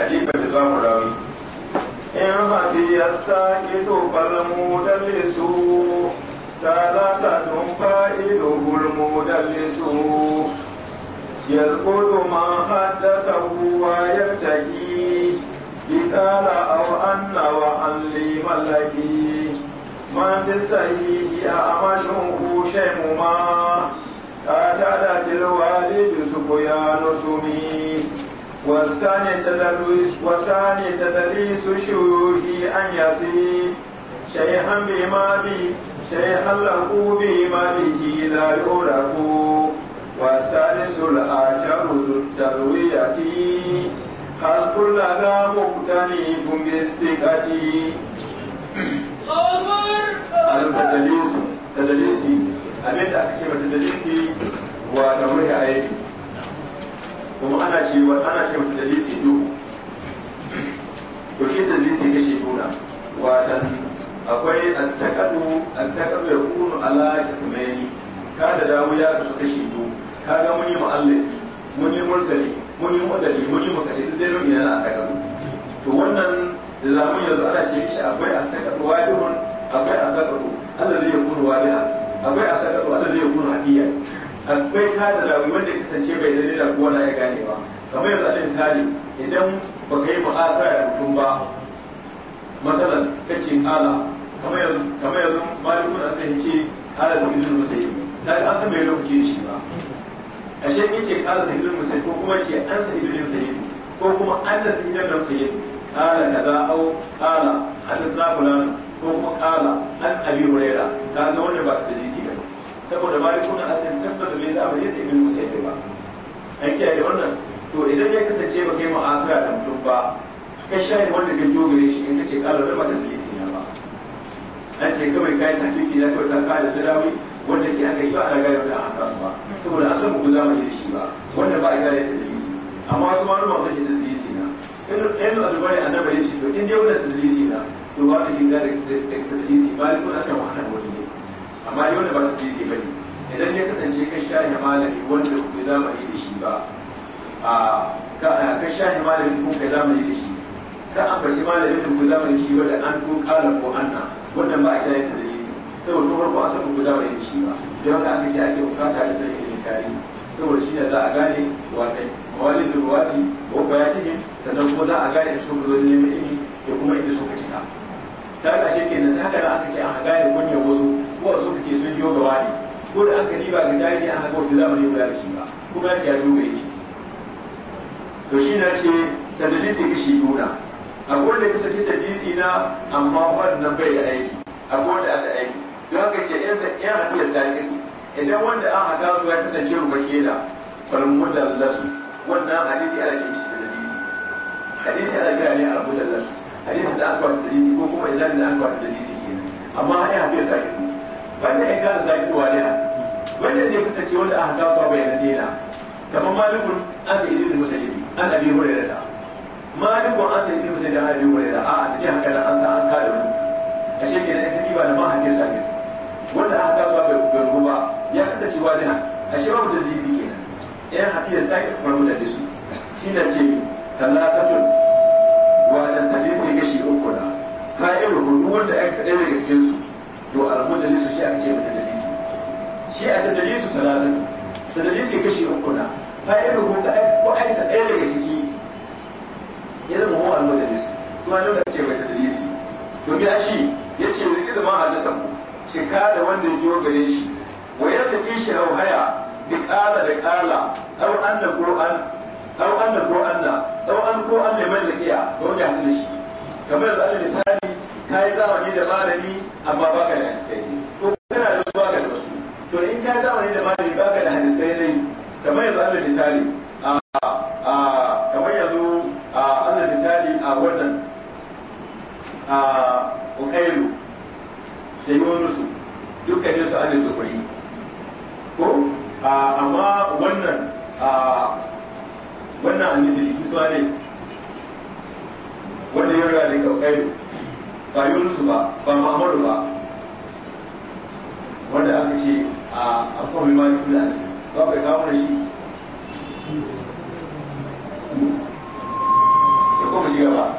halifar da za mu rawi in mafi yasa ido barmu dalle su sala sa don fa'ido gulmu dalle su yalkudu ma haddasa huwa yartaki bikala aw anna wa alli mallaki man bi sahihi a amashin ku mu ma ta tada tilwali su ko ya nusumi. والثاني تدليس والثاني تدليس شيوخي أن يصير شيخا بما بي شيخا له بما به لا يعرف والثالث الآجر ذو التروية حسب لها مقتنب بالثقة التدليس تدليسي أبيت أكتب تدليسي وتمرح أيدي kuma ana ce ana ce masa dalisi duhu to shi dalisi kashi tuna watan akwai asakadu asakadu ya kunu ala kismaini ka da dawo ya kasu kashi biyu ka ga muni mu'allafi muni mursali muni mu'adali muni mukaddi duk dai nau'i na asakadu to wannan lamun yanzu ana ce shi akwai asakadu wahidun akwai asakadu alladhi yakunu wahidan akwai asakadu alladhi yakunu hadiyan akwai kada zabi wanda kasance bai da lila ko na ya gane ba kamar yanzu alal misali idan baka yi mu'asa ya mutum ba masalan kace ala kamar yanzu kamar yanzu malikun asali ce ala sabidul musayyib da an san bai lokaci shi ba ashe in ce ala sabidul musayi ko kuma ce an sabidul musayi ko kuma an da sabidul musayyib ala kaza au ala hadisna fulana ko kuma ala an abi ta kaga wannan ba da hadisi saboda malikuna asali tabbata bai da amari sai bin musa ya ba an kiyaye wannan to idan ya kasance ba kai asira da mutum ba ka shayi wanda ka jo gare shi in ka ce kala da matan dalisi na ba an ce kawai kai hakiki na kawai ta kala da dawi wanda ke aka yi ba a ragayar da aka su ba saboda a san ku mai yi da shi ba wanda ba a gane da dalisi amma su ma ruwa sun ce da dalisi na ɗayan da albani annabi ya ce to in dai ta dalisi na to ba da kin gane da dalisi ba ko na san wahala amma yau da ba ta tsaye ba ne idan ya kasance kan shahi malami wanda ku yi da shi ba kan shahi malami ko ka yi da shi ka ambaci malamin da ku yi da shi ba da an ko kala ko anna wannan ba a kira yadda da yi su saboda ba a san ku yi da shi ba don haka aka ce ake bukata da sanin ilimin tarihi saboda shi ne za a gane wakai mawalin ruwati ko bayatihim sannan kuma za a gane su ku zo neman ilimi da kuma inda suka cika ta ga shi kenan haka na aka ce an gane kunya wasu kuma su kake sun yi gaba ne ko da aka riba ga jari an haka wasu zamani ba da shi ba kuma ce ya duba yake to shi na ce ga shi nuna a wanda kusa ce tadalisi na amma wannan bai da aiki a wanda da aiki don haka ce yan san yan hafiya idan wanda an haka su ya kasance ruba keda lasu wannan hadisi ana ce shi tadalisi hadisi ana kira ne lasu hadisi da aka wata tadalisi ko kuma idan da aka wata ke kenan amma har yan hafiya sakin wannan in kana zaki waliha wannan ne ce wanda aka gasa bayanan dina kamar malikun asali da musulmi an abi hurairah malikun asali da musulmi an abi hurairah a take haka da an sa an kare mu a shekara da ta ba da mahaifin sa ne wanda aka gasa bai ruwa ya kasance waliha a shekara da dalili kenan yan hafiyar sai kuma mutane su shi da ce satun wa da dalili sai gashi uku na fa'ilu wanda aka kadai daga cikin to da mudallis shi ake ce dalisi shi a tadallisu salasatu dalisi kashi uku na fa'iluhu ka ko aika ɗaya daga ciki ya zama huwa al-mudallis su ma da ake ta dalisi to ya shi ce ne zai zama a ku shi ka da wanda jiyo gare shi wa ya tafi shi haya bi ƙala da qala ɗau'an anna qur'an da anna qur'anna aw an da liman laqiya to ya shi kamar da misali ka yi zamani da malami amma ba ka da hadisai ko kana da ba ka da wasu to in ka yi zamani da malami ba ka da hadisai ne kamar yanzu allah misali kamar yanzu allah misali a wannan a ukailu da yunusu dukkanin su alal zukuri ko amma wannan wannan a misali su ne wanda ya riga da kauƙailu ba Yunusu ba ba mamadu ba wanda aka ce a akwai mai mani kula ba bai kawo da shi da kuma shi gaba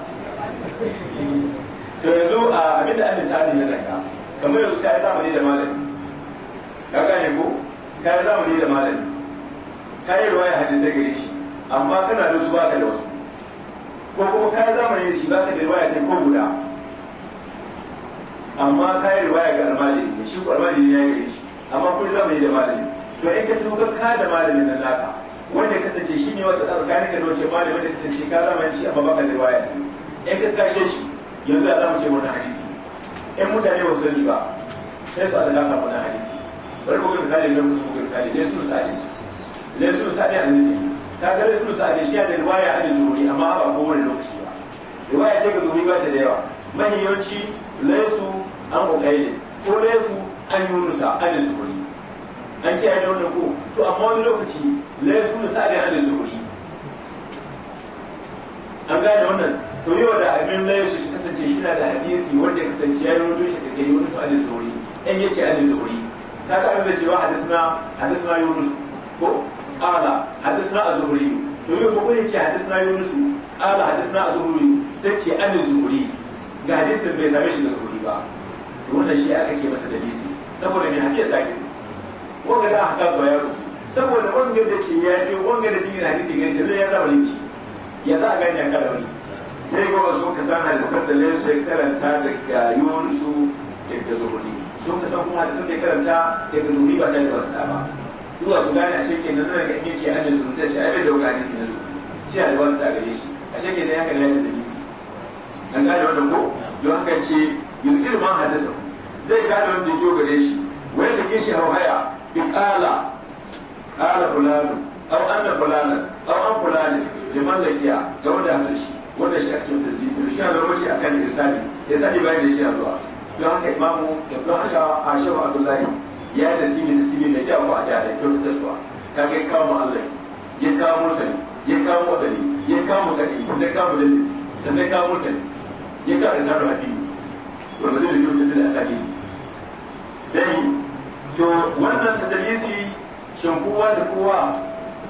to yanzu a abin da ake sani na daga kamar yanzu kayan zamani da malami ya gane ko kayan zamani da malami kayan ruwaya hadisai gare shi amma kana da su ba ka da wasu ko kuma kayan zamani da shi ba ka da ruwaya ta ko guda amma ka riwaya ga almalin ne shi ko almajiri ya yayi shi amma kun zama yi da malami to in ka tuka ka da malamin nan naka wanda kasance shi ne wasu tsakanin ka da wace malamin da kasance ka zama shi amma baka da riwaya in ka kashe shi yanzu a zamu ce wani hadisi yan mutane ba su ba sai su adana ka wani hadisi bari ku ga misali ne ku ga misali ne su misali ne su misali hadisi ta ga su misali shi da riwaya hadisi zuri amma ba kowane lokaci ba riwaya ta ga zuri ba ta da yawa mahiyanci laisu an ukaili ko dai su an yunusa an zuri an kiyaye da wannan ko to amma wani lokaci laifu na sa'adin an zuri an gane wannan to yau da abin laifu shi kasance shi na da hadisi wanda kasance ya yi wato shi daga yunus an zuhuri in yace an zuri ta ka abin da cewa hadisna hadisna yunus ko قال a الزهري to yau ko kuma ce hadisna yunusu qala hadisna a zuhri sai ce an zuri ga hadisin bai same shi da zuri ba to wannan shi aka ce masa DC saboda me hake sake wanda da aka kasa yaro saboda wanda da ke ya fi wanda da dinin hadisi ne shi ya zama linki ya za a gani a kada wani sai ga wasu ka san hadisan da lesu ya karanta daga su daga zuhuri sun ka san kuma hadisan da karanta daga zuhuri ba ta da wasu ba zuwa su gane a shekin na zuwa in ce an da zuhuri sai ce ai bai da wuka hadisi na zuhuri shi a da wasu ta gare shi a shekin na ya kada ya da dalisi dan gane wannan ko don haka ce yanzu irin ma zai gane wanda jo gare shi wanda ke shi hawaya bi kala qala fulanu aw anna fulana aw an fulani liman lafiya ga wanda hada shi wanda shi ake tadlisi shi Allah mace akan irsali irsali bayan da shi Allah don haka imamu don haka Ashab Abdullahi ya da tibi da tibi da jawo a jare kyautata suwa kage kawo Allah ya kawo musali ya kawo wadali ya kawo kadi da kawo dalisi sannan kawo musali ya kawo irsali hadisi wanda zai da kyautata da asali dai to wannan tadalisi shin kowa da kowa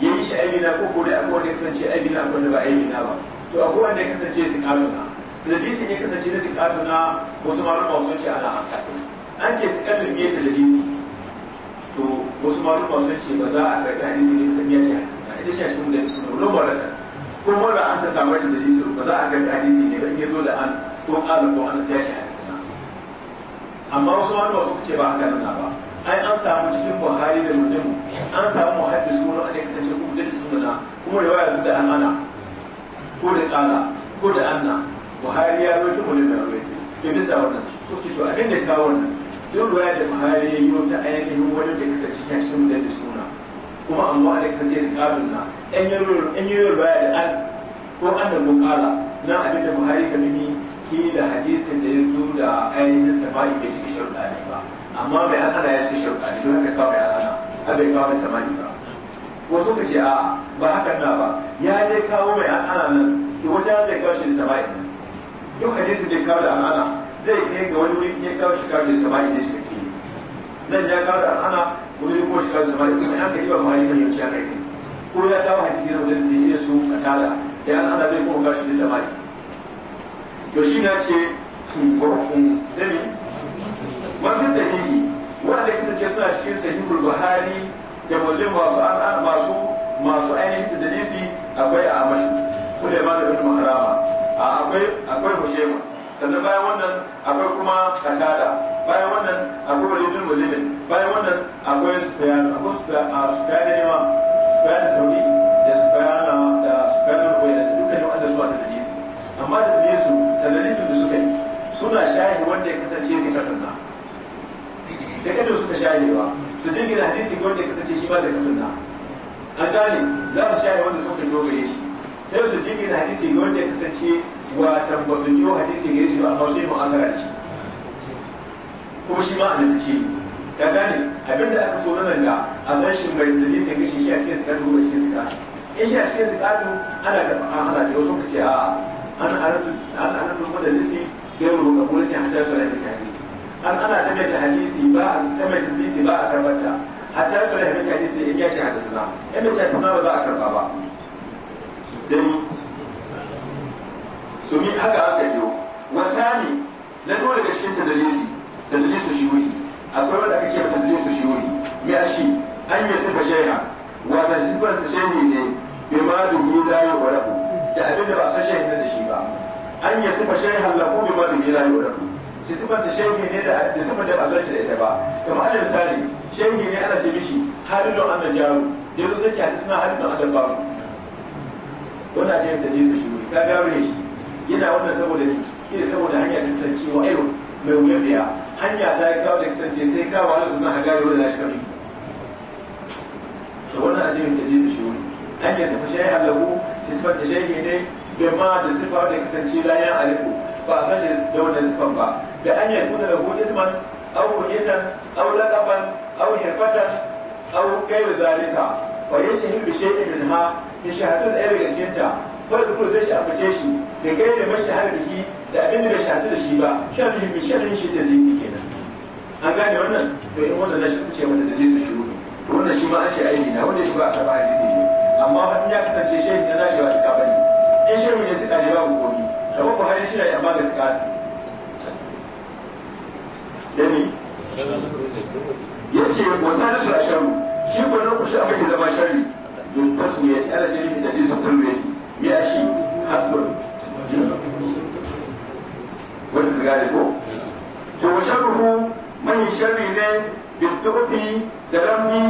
ya yi shi aibina ko ko da akwai wanda ya kasance aibina ko da ba aibina ba to akwai wanda ya kasance sikatuna tadalisi ne kasance na sikatuna wasu ma malama sun ce ana amsa an ce sikatun ne tadalisi to wasu ma malama sun ce ba za a karɓi hadisi ne kasance ya ce hadisi na ita shi a cikin da su ne rubar da kuma da an ta samar da dalisi ba za a karɓi hadisi ne ba in zo da an ko ƙala ko an sai ya ce hadisi amma wasu wani wasu kuke ba haka nuna ba ai an samu cikin buhari da mutum an samu muhaddis ko na alaihi sace ku da sunna kuma riwaya su da anana ko da kala ko da anna buhari ya rawaito mu da rawaito ke bisa wannan su ce to abin da kawo wannan duk riwaya da buhari ya yi ta ainihin wani da kisa cikin da suna kuma amma alaihi sace su kafin na an yi riwaya da an ko an da mu kala na abin da buhari ka nufi da hadisin da ya zo da ainihin sama'i bai ciki shirkani ba amma bai haka da ya ciki shirkani don haka kawai hasana a bai kawo sama'i ba wasu ka ce a ba haka na ba ya dai kawo mai al'ana nan to wajen zai kawo shi sama'i duk hadisin da ya kawo da al'ana zai kai ga wani wuri ya kawo shi kawo shi sama'i ne shi ke zan ja kawo da al'ana wani wuri ko shi kawo sama'i kuma ya kai ba ma yi mahimmanci a kai ko ya kawo hadisi na wajen zai iya su a tada da hasana zai kuma kawo shi sama'i to shi na ce turkun zai wanda sahihi wanda ce suna cikin sahihul buhari da mulli masu masu masu ainihin da dalisi akwai a mashi suleiman ibn a akwai akwai hushema sannan bayan wannan akwai kuma kakada bayan wannan akwai walidul mulmin bayan wannan akwai bayan akwai sufiyan ne ma su bayan da bayan suna shahi wanda ya kasance sai kasan na sai kaje suka shahi ba su jirgin hadisi wanda ya kasance shi ba sai kasan na an gane za su shahi wanda suka dogare shi sai su jirgin hadisi wanda ya kasance watan ba su jiwo hadisi gare shi ba amma yi mu'amala shi kuma shi ma a nufi ka gane abinda aka so nan da a san shi mai dalili sai gashi shi a cikin sikatu ko cikin sikatu in shi a cikin sikatu ana da an da wasu kace a an aratu an da lissi gairu ga kullum hatta su da hadisi an ana tabbata hadisi ba a tabbata hadisi ba a karbata hatta su da hadisi in ya ce hadisuna in ya ce ba za a karba ba sai su mi haka aka yi wasani na dole daga cikin tadalisi tadalisu shiwuhi akwai wanda aka kira tadalisu shiwuhi me a shi sifa shaiha wata sifar ta shaihi ne bai ma duhi da ya warabu da abin da ba su shaihi da shi ba an yi sifa shai hallaku bi ma dubi rayu da ku shi sifa ta shehi ne da da sifa da ba shi da ita ba kamar alal misali shehi ne ana ce mishi halilun an jaru da yanzu sai kyasi suna halilun an babu wannan ce da ne su shi ka gano ne shi yana wannan saboda ne ke saboda hanya ta tsancewa ayo mai wuyar da ya hanya ta yi kawo da kasance sai kawo wani suna hagari na shi kami to wannan ajiyar da ne su shi hanyar sifa shai hallaku sifa ta shehi ne bima da sifa da kasance la ya ba a sashi da wannan sifan ba da an yi kuna da isman aw kunyatan aw laqaban aw hirbatan aw ghayr zalika wa yashhadu bi shay'in minha bi shahadatul ayyi da cikin ta ko da kuma sai shi abace shi da kai da mashi harbihi da abin da bai shahadu da shi ba shan sharhi shan sharhi shi da lisi kenan an gane wannan to in wannan shi ce wanda da lisi shuru wannan shi ma an aiki na wanda shi ba a karba hadisi ne amma in ya kasance shehin na nashi ba su kabari in shehu ne suka ne babu da ba buhari shi ne amma suka dani ya ce su sharu shi ko na shi abin da zama shari don fasu ya tsara shirin da disa tulwe ya shi hasbun wani su ko to wa sharuhu mai sharri ne bintufi da rammi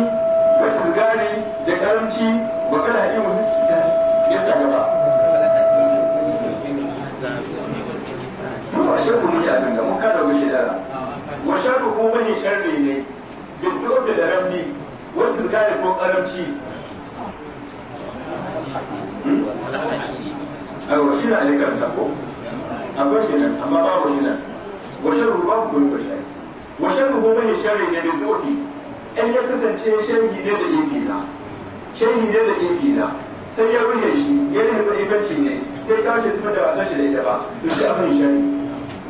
wani su da karamci wa kala hadimu ne su ya sa gaba shirku ne ya dinga mun kada mu shidara ah. wa sharru ko mahi sharri ne bin dole da rabbi wa zirgare ko karamci aiwa shi na alikanta a akwai shi nan amma babu shi nan wa sharru ba ku ko shari wa sharru ko mahi sharri ne bin dole in ya kasance sharri ne da ifina sharri ne da ifina sai ya ruhe shi ya ruhe zai ne sai ka ce sifar da ba san shi da ita ba to shi abin shari'a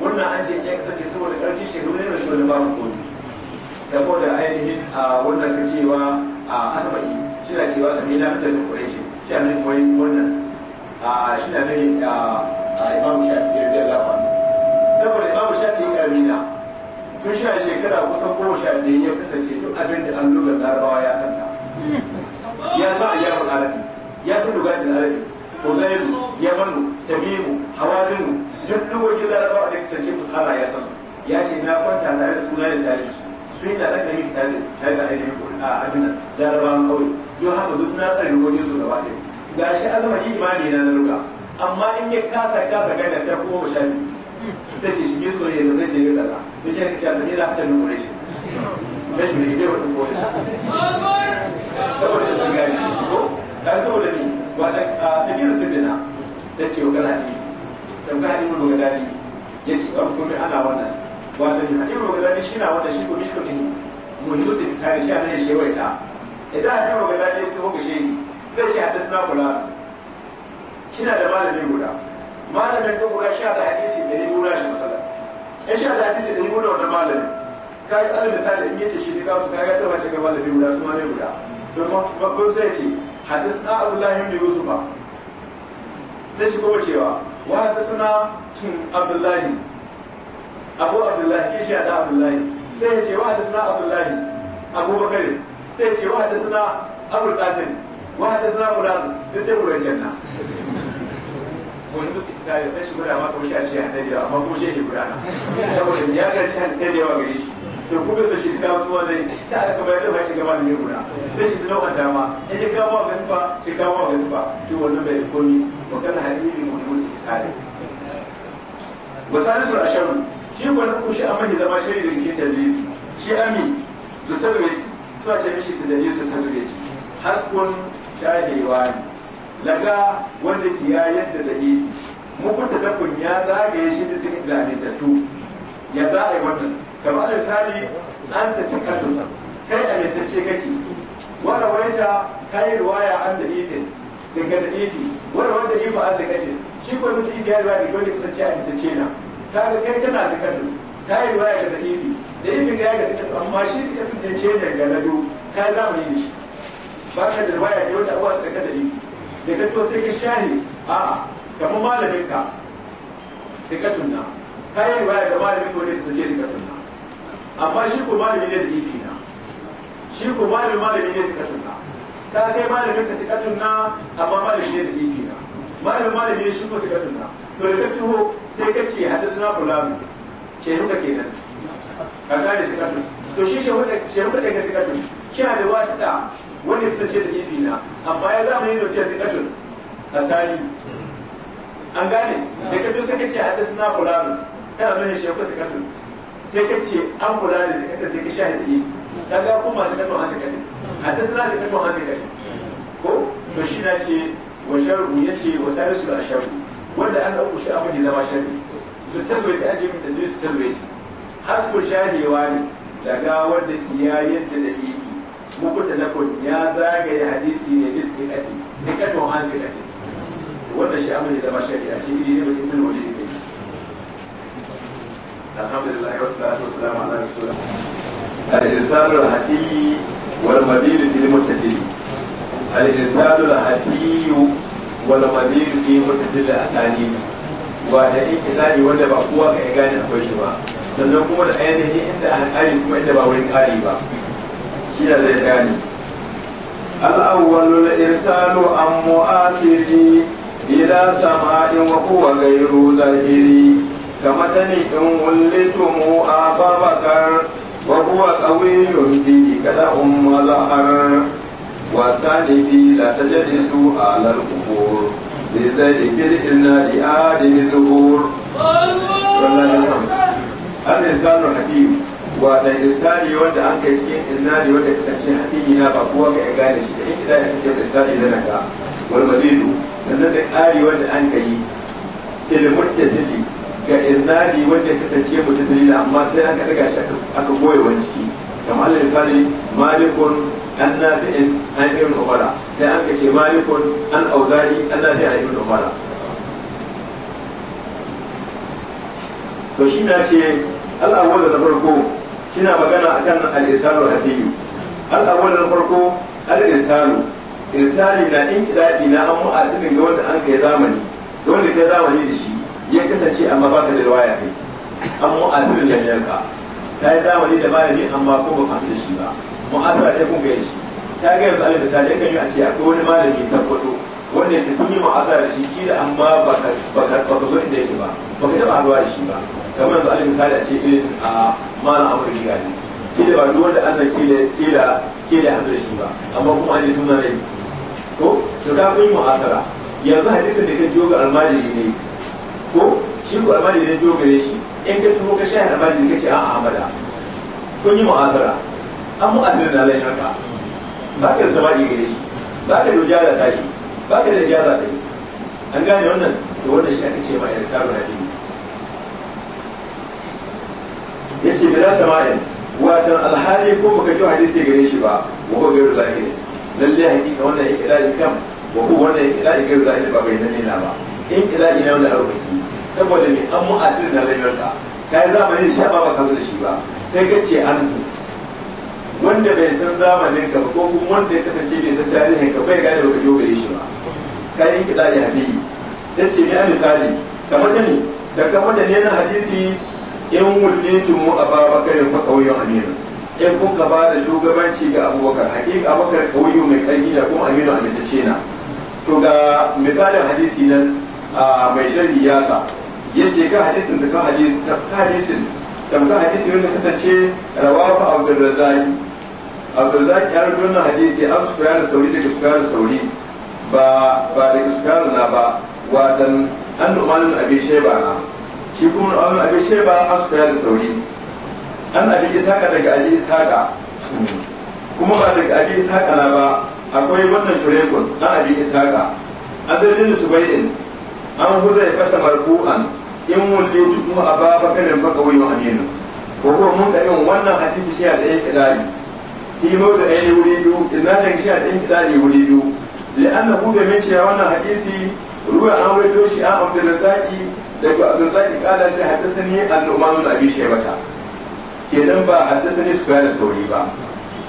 wannan an ce ya kasance saboda ƙarfi ce gumi yana shi wani babu komi saboda ainihin a wannan ka cewa a asabaki shi na cewa sami na fitar da kore shi shi a nan koyi wannan a shi na mai a imam shafi ya biyar lafa saboda imam shafi ya na tun shi sha shekara kusan kowa shafi biyu ya kasance duk abin da an lugar larabawa ya santa ya sa a yawon arabi ya san lugatin arabi ko mu hawa tabimu hawazinu duk dokokin larabawa da kasance ku tsara ya san ya ce na kwanta tare da suna da tare da su tun da tare da yake tare da ainihin a abinan larabawan kawai don haka duk na tsare wajen su gaba ɗaya ga shi azama imani na na ruga amma in ya kasa kasa a ta kuma mu shafi sai ce shi ne so ne da zai ce ne kaza to shi ne kake sani da ta nuna shi sai shi ne bai wata kowai saboda sun gani ko ɗan saboda ni wa da sun sibina sai ce wa gana ne yanzu hadimu daga dadi ya ce ɗan kuma ana wannan wato hadimu daga dadi shi na wannan shi kuma shi ko kuma muhimmin su misali shi a nan shewaita idan hadimu daga dadi ya kuma ga shehi zai ce hadis na kula kina da malami guda malamin ko guda shi da hadisi da ni guda shi masala in shi da hadisi da ni guda wannan malami ka yi alal misali in yace shi ka su ka ga dawa shi ga malami guda su malami guda to babban sai ce hadis na abdullahi ibn yusufa sai shi kuma cewa وحدثنا عبد الله أبو عبد الله كيش هذا عبد الله سيجي وحدثنا عبد الله أبو بكر سيجي وحدثنا أبو القاسم وحدثنا مراد تدور الجنة wani musu isa ya sai shi guda ma kuma shi a shiya hadari amma kuma shi yake gudana saboda ya ga shi hadari sai da yawa gare shi to kuma so shi ta kawo wannan ta aka bayar da shi gaba da guda sai shi zuwa dama ya kawo wa wa gasfa to wannan bai komi wa kana hadiri salim misali su asharu shi ko na kushi amma ne zama shari da ke tadlisi shi ami da tadlisi to a ce mishi tadlisu tadlisi haskun shahiwa ne laga wanda ke ya yadda da yi mukun tadabbun ya zagaye shi da sun ilamintattu ya za a yi wannan kamar misali an ta sikatun kai ce kake wanda wanda kai ruwaya an da ife daga da ife wanda wanda ife an sikatin shi ko mutum ya riwaya dole ta ce ta ce na ta ga kai tana zakatu ta yi riwaya da ibi da ibi ga ya zakatu amma shi tafi da ce da galado ta za mu yi shi ba ka da waya da wata abuwa zakatu da yi da ka to sai ka shahi a kamar malamin ka zakatun na ta yi riwaya da malamin ne su ce zakatun na amma shi ko malami ne da yi na shi ko malami malamin ne zakatun na ta kai malamin ka zakatun na amma malamin ne da yi na malamin malami ne shigo sai ka tunna to da ka ho sai ka ce hadisuna fulani ce ruka kenan ka gane sai ka to shi shi wanda shi ruka daga sai ka tunna shi da wasita wani ya fice da ibi na amma ya zama yin ce sai ka a asali an gane da ka taho sai ka ce hadisuna fulani kana nuna shi ruka sai ka sai ka ce an fulani sai ka tunna sai ka shahidi kaga kuma sai ka tunna sai ka tunna hadisuna sai ka tunna sai ka tunna ko to shi na ce wa sharru ce wa salisu da sharru wanda an dauko shi abin da zama sharri su tazwaita aje min da su tazwaita hasbu shahewa ne daga wanda ya yadda da yi mukuta na kun ya zagaye hadisi ne bis sikati sikatun an sikati wanda shi abin da zama sharri a cikin ne ba kin wani ne alhamdulillah wa salatu wa salam ala rasulillah al-irsalu al-hadi wal madinatu lil-muttasil al-insanu al-hadiyu wal a fi mutasil asani ba da ikilali wanda ba kowa ka gane akwai shi ba sannan kuma da ainihin inda an kare kuma inda ba wurin kare ba shi da zai gane al-awwalu al-irsalu an mu'asiri ila sama'in wa huwa ghayru zahiri كمثل إن ولتم أبا بكر وهو قوي به كلام ظهر والثاني في لا تجلسوا على القبور لذلك الإنا لآدم الظهور والله الإنسان الحكيم wanda an cikin wanda kasance hakiki na ba gane shi in na naka wal mazidu sannan wanda an ga innani wanda kasance mutasili amma sai aka daga shi malikun an nafi'in an irin umara sai an ka ce malikun an auzari an nafi an irin umara to shi na ce al'awwal na farko shina magana akan al-isalu hadiyu al'awwal na farko al-isalu isali na in kidadi na an mu'azzinin ga wanda an kai zamani wanda kai zamani da shi ya kasance amma baka da riwaya kai an mu'azzinin da yanka ta yi zamani da malami amma ko ba ka da shi ba mu'azara da kun gaya shi ta ga yanzu alal misali yakan yi a ce akwai wani malami kwato wanda ya kun yi mu'azara da shi kila amma ba ka zo inda yake ba ba ka taɓa haɗuwa da shi ba kamar yanzu alal misali a ce irin a malam amur gigani kila ba duk wanda Allah kila kila kila haɗu da shi ba amma kuma an yi suna rai ko to ka kun yi mu'azara yanzu hadisin da ka jiyo ga almajiri ne ko shi ko almajiri ne jiyo gare shi in ka tuho ka sha almajiri ka ce a'a amada kun yi mu'azara an mu asirin da zai haka ba ka yi samari gare shi ba ka da jaza ta shi ba ka da jaza ta yi an gane wannan da wannan shi aka ce ma yan sabu na jini ya ce bila sama'in watan alhali ko baka kyau hadisi gare shi ba wa ko gairu zahiri lalle hakika wannan ya kira kam wa ko wannan ya kira gairu zahiri ba bai nan na ba in kira na wannan arziki saboda me an mu asirin da zai yarda kai zamanin shi ba ba ka zo da shi ba sai ka ce an wanda bai san zamanin ka ko kuma wanda ya kasance bai san tarihin ka bai gane baka jo gare shi ba kayan kiɗa da hadisi sai ce ni a misali ta da ne da kamar da ne na hadisi in tu mu a baba kare fa kauyen aminu in kun ka ba da shugabanci ga abubakar hakika abubakar kauyen mai ƙarfi da kuma aminu amintacce na to ga misalin hadisi nan a mai sharhi sa ya ce ka hadisin da ka hadisin tamka hadisin wanda kasance Abdul abdurrazzaqi abdullahi ya rubuta wannan hadisi an su da sauri daga su sauri ba ba daga su na ba watan an numanin abin sheba na shi kuma numanin abin sheba an su da sauri an abin isaka daga abin isaka kuma ba daga abin isaka na ba akwai wannan shurekun an abin isaka an zai zini su bayin an huzai fata marfu'an in wulle tukuma a ba bakarin fakawai wa aminu ko kuma mun karin wannan hadisi shi a da ya kidari fi mawda ayi wuri biyu isnadin shi a din kidai wuri biyu li'annahu da min cewa wannan hadisi ruwa an rawaito shi a da Zaki daga Abdul Zaki kala ta haddathani al-Nu'man bin Abi mata. kenan ba haddasa haddathani Sufyan al sauri ba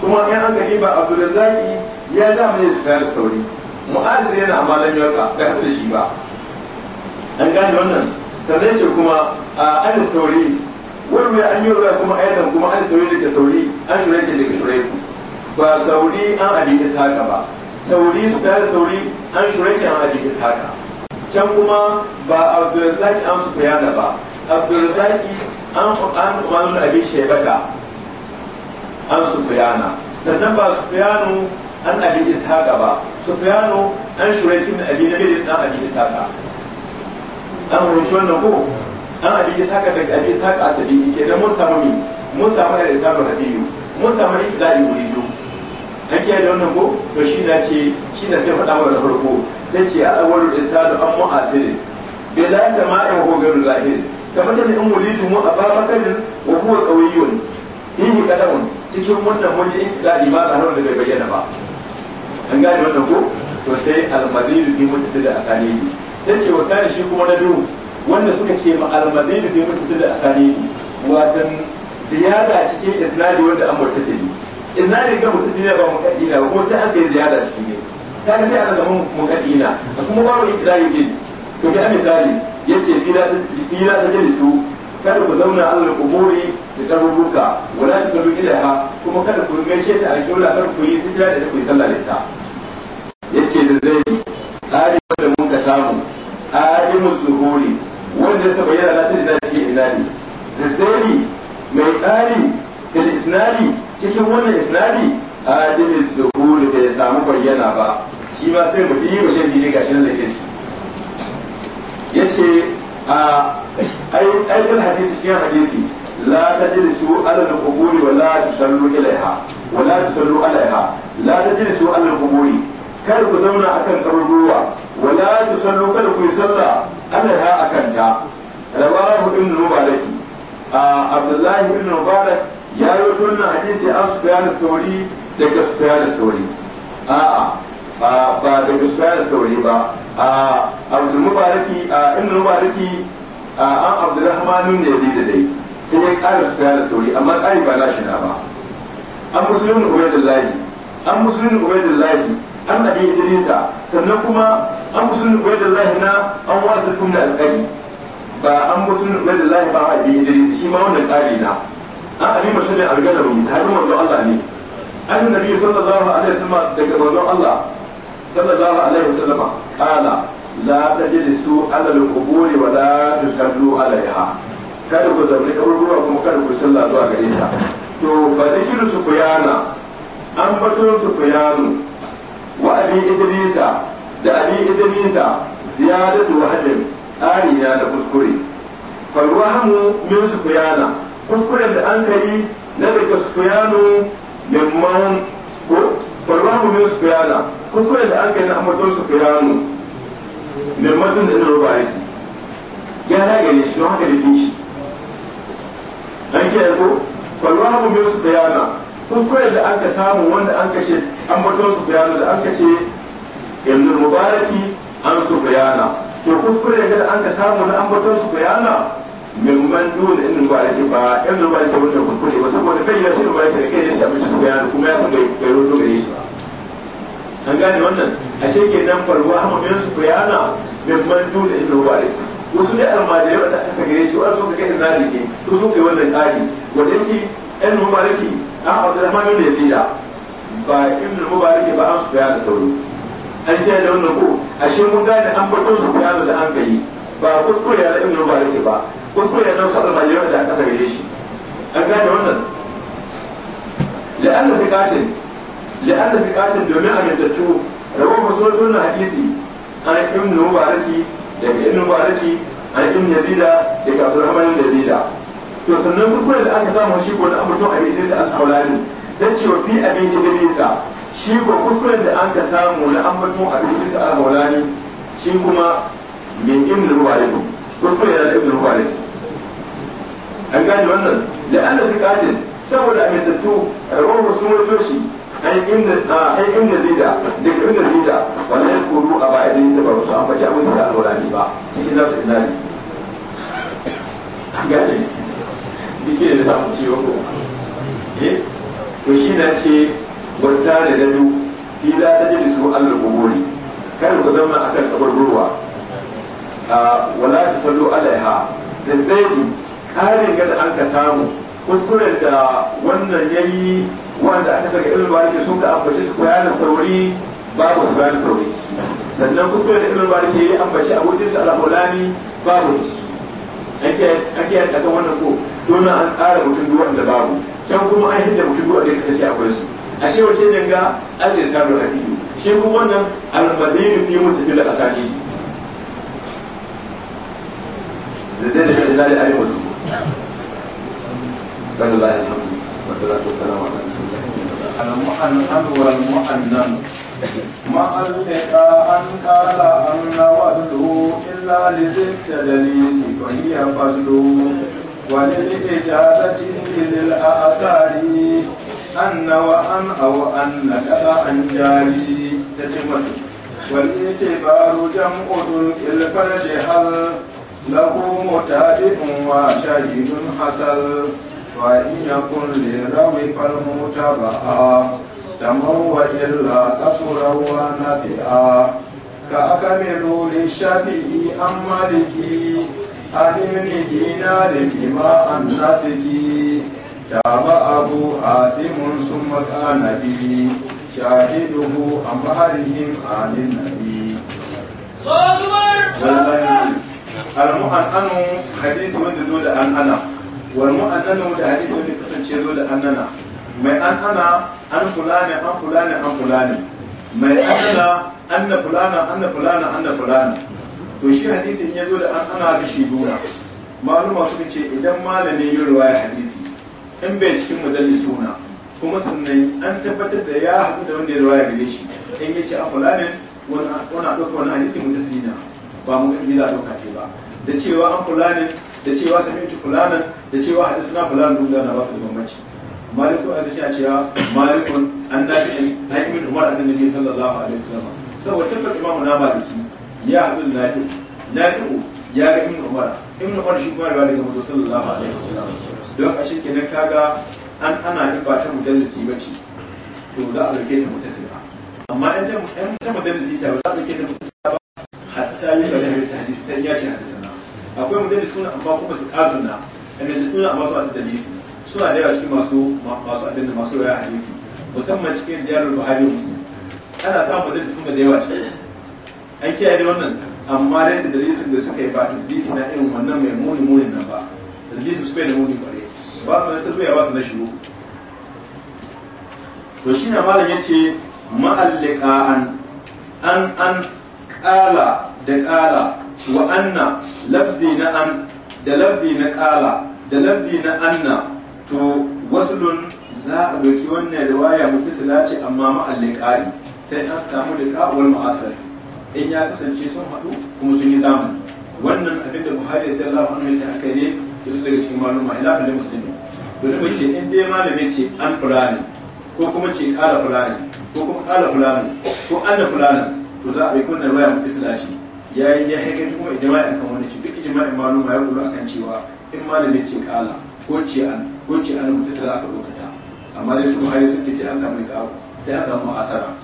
kuma in an gani ba Abdul Zaki ya zama ne Sufyan al sauri mu'azir yana na lan yarka da hasu da shi ba an gane wannan sannan ce kuma a an sauri wani an yi ruwa kuma ayatan kuma an sauri daga sauri an shureke daga shureku ba sauri an abi ishaka ba sauri su ta sauri an shuraki an abi ishaka can kuma ba abdulrazak an sufyana ba abdulrazak an an wani abi shaybaka an sufyana sannan ba sufyanu an abi ishaka ba sufyanu an shuraki na abi nabi da abi ishaka an rubuci wannan ko an abi ishaka da abi ishaka asabi kenan mun samu mun samu da ishaqa hadiyu mun samu wuri wuridu an kiyaye da wannan ko to shi na ce shi na sai faɗa mana farko sai ce al'awwalu isadu an mu'asirin bi la sama'in wa ghayru zahirin kamar da in mulitu mu ababakarin wa huwa qawiyyun in kadamun cikin wannan mun ji in da ba har da bai bayyana ba an gane wannan ko to sai al-madinu bi mutasil asalibi sai ce wasani shi kuma na biyu wanda suka ce ma al-madinu bi mutasil asalibi watan ziyada cikin isnadi wanda an mutasili inna ne ga mutum ne ba mukaddina ko sai an kai ziyara cikin ne Ta sai aka zama mukaddina kuma babu idrari din to ga misali yace fi la ta la su. kada ku zauna alal quburi da karuruka wala tasallu ilaha kuma kada ku gaishe ta alƙibla kar ku yi sujada da ku yi sallah da ita yace da zai ari da mun ka samu alimul zuhuri wanda ta bayyana la tajlisu ina ne. zai mai ƙari da cikin wannan isnadi adil zuhuri da ya samu bayyana ba shi ba sai mu yi mace jini ga shi da ke shi ce a aikin hadisi cikin hadisi la ta su ala da quburi wa la ta tusallu ilaiha wa la ta tusallu alaiha la ta su ala da quburi kada ku zauna a kan karuruwa wa la ta tusallu kada ku yi sallah alaiha akan ta rawahu ibn mubarak abdullahi ibn mubarak ya yi wannan hadisi an su bayan sauri daga su bayan sauri a'a ba daga su bayan sauri ba a abdul a inda mubaraki a an abdurrahman ne da dai sai ya kara su bayan sauri amma kari ba shi na ba an musulmin layi an da layi an nabi idrisa sannan kuma an musulmin layi na an wasu tun da tsari ba an musulmin layi ba a bi idrisa shi ma wannan kari na an abi musulmi algalawi sahabin manzon Allah ne an nabi sallallahu alaihi wasallam daga manzon Allah sallallahu alaihi wasallam qala la tajlisu ala al-qubur wa la tusallu alaiha kada ku zaune kaburbura kuma kada ku sallah zuwa gare ta to ba zai kiru su kuyana an batun su kuyanu wa abi idrisa da abi idrisa ziyadatu wahadin ƙari na da kuskure falwahamu min su kuyana kuskuren da an yi na daga sufiyanu yamman ko farwahu su sufiyana kuskuren da an yi na ambaton sufiyanu yammatun da irin ruba yake gyara gare shi don haka da shi an kiyaye ko farwahu su sufiyana kuskuren da an ka samu wanda an kace su sufiyanu da an ce ibn mubaraki an sufiyana to kuskuren da an ka samu na su sufiyana mimman nuna ibn mubarak ba ibn mubarak wanda kuskure ba saboda bai yashi ibn mubarak da kai ya shafi su ya kuma bai ba an gane wannan ashe kenan farwa hamamin su ko yana mimman nuna ba mubarak wasu ne almajirai wanda aka sa gare shi wa su kai zari ne to su kai wannan kari wanda yake ibn mubarak a Abdurrahman bin Yazid ba ibn mubarak ba an su ya da sauri an ji da wannan ko ashe mun gane an batun su ya da an kai ba kuskure ya ibn mubarak ba kuskure don sabar majiyar da aka saurare shi an gane wannan la'anna sikatin la'anna sikatin domin amintattu rawar masulutun na hadisi an ibn mubaraki daga ibn mubaraki an ibn yadida daga abdurrahman yadida to sannan kuskure da aka samu shi ko na amurtun abin idris al-aulani sai cewa fi abin idrisa shi ko kuskuren da an ka samu na ambaton abin idris al-aulani shi kuma min ibn mubaraki kuskure na da ibn ruwali an gane wannan da an da sikatin saboda tattu a ruhu sun wato shi an inda zida da ka inda zida wannan kuru a baya da yasa ba su an faci abin da alwala ne ba cikin nasu ina ne an gane bike da samun ciwo ko eh to shi na ce wasa da dadu fila ta su jilisu allul kuburi kar ku zama akan kabar ruwa wala ta sallu alaiha zazzabi ƙarin ga an ka samu kuskuren da wannan ya yi wanda aka saka ilmi barke sun ka ambaci su da sauri babu su bayanin sauri sannan kuskuren da ilmi bariki ya yi ambaci abu dinsu alahulani babu ciki ake yadda kan wannan ko domin an ƙara mutum duwan da babu can kuma an hidda mutum duwan da ya kasance akwai su ashe wace ne ga an da ya samu rafiyu shi kuma wannan almadini ne mutum da asali لذلك لله أي ملك بل الله الحمد والصلاة والسلام على المؤنث والمؤنث ما اللقاء أن قال أن وده إلا لذي التدليس فهي فضل وللإجازة ذي الآثار أن وأن أو أن كذا عن جاري تتمت والاعتبار جمع تلك الفرج هل له متاجر وشهيد حسل وإن يكن للروي فالمتبع تمو إلا كسرا ونفئا كأكمل للشفيء أم ملكي عن ابن دينار بما أنسكي تاب أبو عاصم ثم كان بي شاهده عن بحرهم عن النبي الله أكبر al-mu'annanu hadisi wanda zo da an ana wal mu'annanu da hadisi wanda kasance zo da an ana mai an ana an kula ne, an fulani an fulani mai an ana anna fulana anna fulana anna fulana to shi hadisin ya zo da an ana da shi duna maluma suka ce idan malamin yin ruwaya hadisi in bai cikin mujalli suna kuma sannan an tabbatar da ya haɗu da wanda ya ruwaya gare shi in ya ce a fulanin wani ɗauka wani hadisi mutasilina ba mu yi za ɗauka ke ba da cewa an fulanin da cewa kula nan. da cewa hadisuna fulanan duk na ba su da bambanci maliku a zuciya cewa malikun an nafi na ibn umar annabi ne sallallahu alaihi wasallam saboda tabbata imam na maliki ya haɗu da nafi nafi ya ga ibn umar ibn umar shi kuma riwaya daga mutum sallallahu alaihi wasallam don a shirke nan kaga an ana ba ta mujallisi ce to za a rike ta mutasila amma in ta mujalisi ta za a rike ta الثاني بلغ الحديث سنيات حدثنا akwai suna amma kuma su kazunna da zaitun amma su hadisi suna da yawa cikin masu masu abin da masu raya hadisi musamman cikin diyarar buhari muslim ana samun mudallisun da yawa cikin an kiyaye wannan amma da dalisun da suka yi ba dalisi na irin wannan mai muni munin nan ba dalisun su bai da muni kware ba su na tasbiya ba su na shiru to shine malam yace ma'alliqa'an an an an qala da ƙala wa anna lafzi na an da lafzi na ƙala da lafzi na anna to wasulun za a doki wannan riwaya su lace amma ma'allin ƙari sai an samu da wal ma'asar in ya kasance sun haɗu kuma sun yi zamani wannan abin da buhari da allah hannu ya aka ne da su daga cikin maluma ila kan musulmi wani mai ce in dai malamin ce an fulani ko kuma ce ƙara fulani ko kuma ƙara fulani ko ana fulani to za a bi kunna riwaya su lace ya yi ya haƙe kuma ijma'i kan wani shi duk ijma'in malum ya gudu kan cewa in malami ce kala ko ce an ko ce an mutu sai aka dokata amma dai su ma'ari suke sai an samu ƙaru sai an samu asara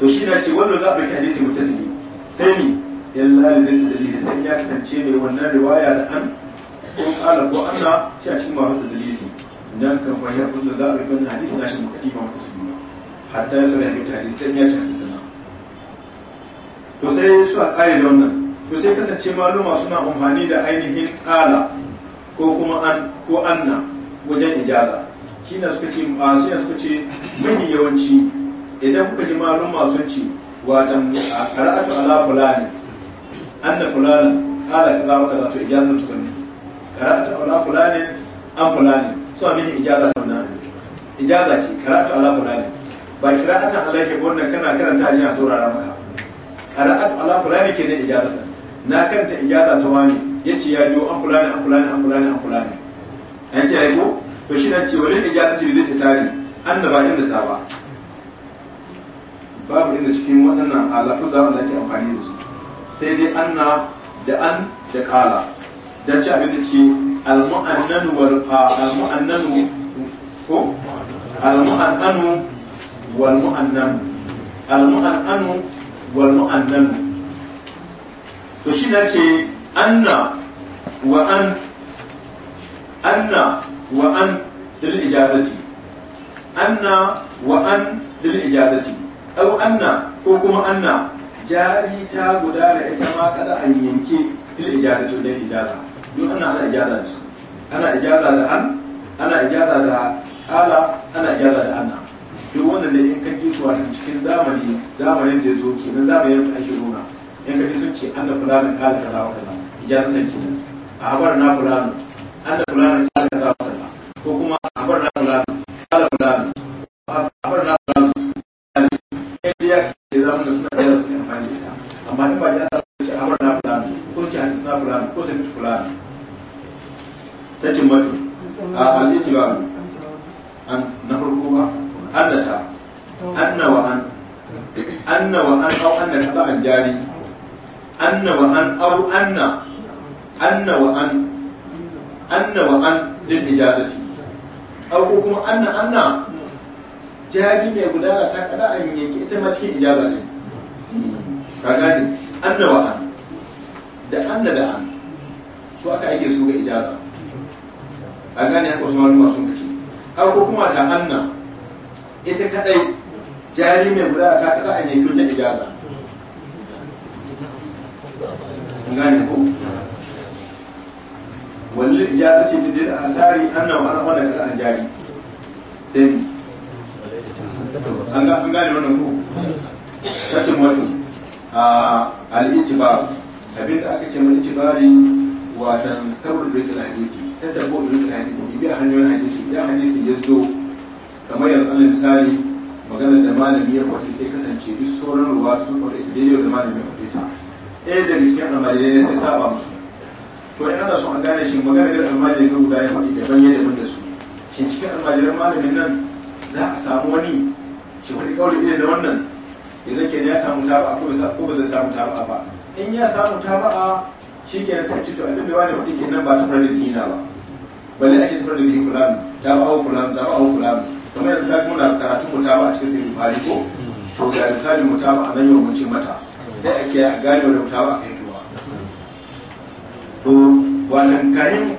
to shi na ce wannan za a ɗauki hadisi mutasili sai ni illa da dalili sai ya kasance mai wannan riwaya da an ko kala ko anna shi a cikin masu dalili dan kan fahimta da za a ɗauki hadisi na shi mukaddima mutasili hatta ya sura hadisi sai ya ci hadisi to sai suka kare da wannan to sai kasance maluma suna amfani da ainihin ƙala ko kuma an ko anna wajen ijaza shi na suka ce a shi suka ce mai yawanci idan kuka ji maluma sun ce watan qara'atu ala fulani anna fulana qala kaza wa kaza to ijazatu kunni qara'atu ala fulani an fulani suna nufin ijaza wannan. ijaza ce qara'atu ala fulani ba qira'atan alaihi wannan kana karanta a jiya saurara maka qara'at ala fulani kenan ijazatan na kanta ijaza ta wani yace ya jiwo an fulani an fulani an fulani an fulani an ce ai ko to shi na ce wani walin ijazati lil isari annaba inda ta ba babu inda cikin waɗannan alafuza wanda ake amfani da su sai dai anna da an da kala da ci abin da ce almu'annanu wal almu'annanu ko almu'annanu wal mu'annanu almu'annanu wal mu'annan to shi na ce anna wa an anna wa ijazati anna anna ko kuma anna jari ta da ita ma kada an yanke dil ijazati da ijaza don ijaza da su ana ijaza da an ana ijaza da ala ana ijaza da anna duk wanda da in kaji su wata cikin zamani zamanin da ya zo kenan zamanin da ake nuna in kaji sun ce an fulani ka da kaza wata kaza ijazatan kenan a habar na fulani an da fulani ka da kaza ko kuma mai gudana ta kada a yi yanke ita ma cikin ijaza ne ka gane anna wa an da anna da an to aka aike su ga ijaza ka gane haka wasu maluma sun kace har ko kuma ta anna ita kadai jari mai gudana ta kada a yi yanke ta ijaza ka gane ko wallil ijazati bi dhil asari anna wa an wala kaza an jari sai an gane wannan ku fatin wato a al-ijbar abin da aka ce mun ijbari watan sabrul bil hadisi ta tabo bil hadisi bi a hanyoyin hadisi idan hadisi ya zo kamar yanzu alal misali maganar da malami ya faɗi sai kasance duk sauran ruwa sun faɗi ta daidai da malami ya faɗi ta ɗaya daga cikin almajirai ne sai saba musu to in ana son a gane shi magana da almajirai guda ya faɗi daban ya daban da su shin cikin almajiran malamin nan za a samu wani shi wani kauli ne da wannan idan ke ya samu taba'a ko ba zai samu taba'a ba in ya samu taba'a shi ke nasa cikin to abin da wani wani kenan ba ta da dina ba balle a ce ta farin dina kulan taba'a kulan kamar yanzu kaga muna karatun mu taba'a cikin sirri fari ko to ga misali mu taba'a nan yau mun ce mata sai a ke a gane wani taba'a kai tuwa to watan kayan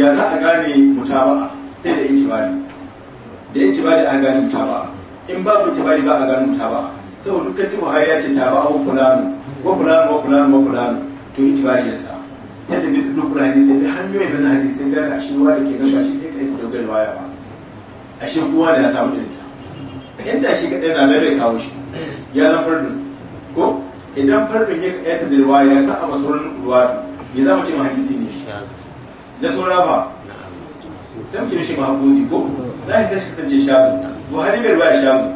ya za a gane mutaba'a sai da itibari da itibari a gane mutaba'a in babu jibari ba a gano ta ba saboda dukkan jibu buhari ya ce ta ba ko fulani ko fulani ko fulani ko fulani to itibari ya sa sai da bi duk fulani sai bi hanyoyin na hadisi sai ga shi wani da ke gaba shi kai da dogon waya ba a shi kowa da ya samu irinta ta inda shi kadai na bai kawo shi ya zan fardin ko idan fardin ya kadai ta da ruwaya ya sa a masorin ruwa ya zama ce hadisi ne na saura ba sai mu ce mishi mahfuzi ko na sai shi kasance shadu buhari mai ruwa shamu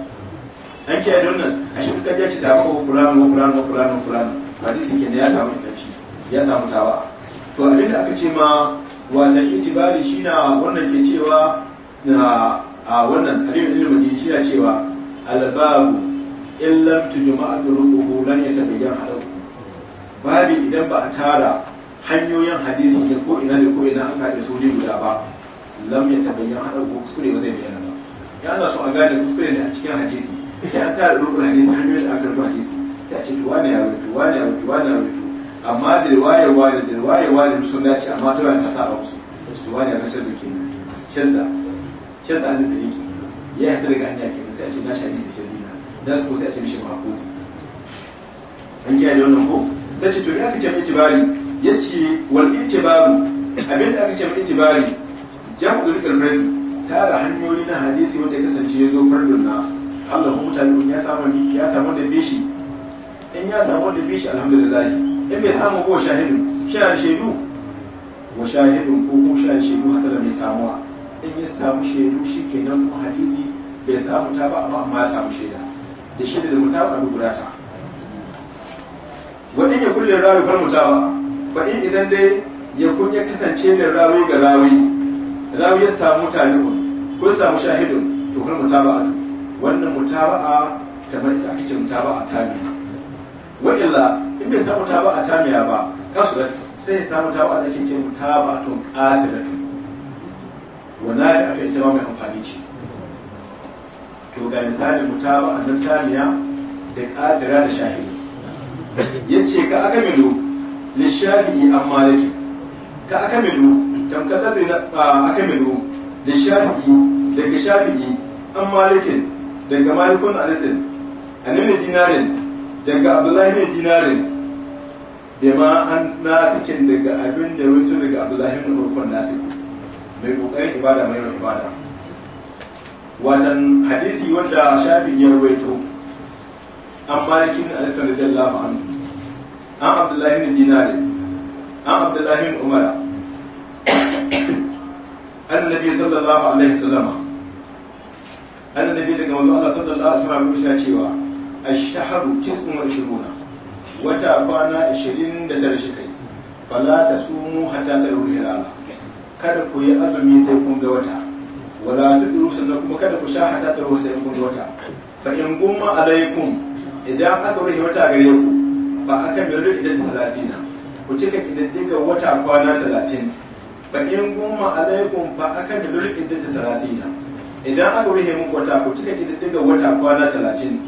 an kiyaye don nan a shi kuka jaci ta maka fulano wa fulano wa fulano wa fulano hadisin kenan ya samu inganci ya samu tawa to abin da aka ce ma wata itibari shi na wannan ke cewa a wannan alimin ilimin shi na cewa albabu in lam tujma'a turuquhu lan yatabayyan hadaku babi idan ba a tara hanyoyin hadisi da ko ina da ko ina aka da su guda ba lam yatabayyan hadaku kuskure ba zai bayyana ya ana so a gane kuskure ne a cikin hadisi sai an tara rukun hadisi hanyoyin da an rubuta hadisi sai a ce to wani ya rubuta wane ya rubuta wane ya rubuta amma da riwayar wani da riwayar wani sun dace amma ta wani ta saba musu to wani ya kashe duke ne canza canza an da yake ya hata daga hanya kenan sai a ce na shi hadisi shi na da su ko sai a ce mishi mahakuzi an gane wannan ko sai ce to ya kace mai tibari yace wal itibaru abin da aka ce mai tibari jam'u rikal fadi tara hanyoyi na hadisi wanda kasance ya zo fardun na Allah mutane ya samu ya samu da bishi in ya samu da bishi alhamdulillah in bai samu ko shahidin shahar shaidu wa shahidin ko ko shahar shaidu hasala mai samuwa in ya samu shaidu shi kenan ko hadisi bai samu ta ba amma amma ya samu shaida da shaida da mutawa a dubura ta wa in ya kulle rawi fal mutawa fa in idan dai ya kun ya kasance da rawi ga rawi rawi ya samu talibu ko ya samu shahidun to kar mutaba'a wannan mutaba'a kamar ita ake ce a tamiya wa illa in bai samu mutaba'a tamiya ba kasu da sai ya samu mutaba'a da ake ce mutaba'atun qasidatun wannan ya aka ita ma mai amfani ce to ga misali a nan tamiya da qasira da shahidi yace ka aka milu lishafi an maliki ka akamilu tamkata da akamilu da shafi'i daga shafi'i an malikin daga malikun alisin a ibn dinarin daga abdullahi ibn dinarin da ma an nasikin daga abin da wuce daga abdullahi ibn rukun nasik mai kokarin ibada mai yawan ibada watan hadisi wanda shafi'i ya rawaito an malikin alisin radiyallahu anhu an abdullahi ibn dinarin an abdullahi bin umar annabi sallallahu alaihi wasallama annabi daga manzo Allah sallallahu alaihi wasallam ya cewa ash-shahru tis'un wa ishruna wata kwana 29 shi kai fala tasumu hatta kada ku yi azumi sai kun ga wata wala ta tudru sannan kuma kada ku sha ta ruwa sai kun ga wata fa in gumma alaikum idan aka ruhi wata gare ku ba aka bi rufe da 30 ku cika ƙididdigar wata kwana talatin ba in gumma alaikum ba akan da lura ƙididdiga sarasina idan aka rufe mun kwata ku cika ƙididdigar wata kwana talatin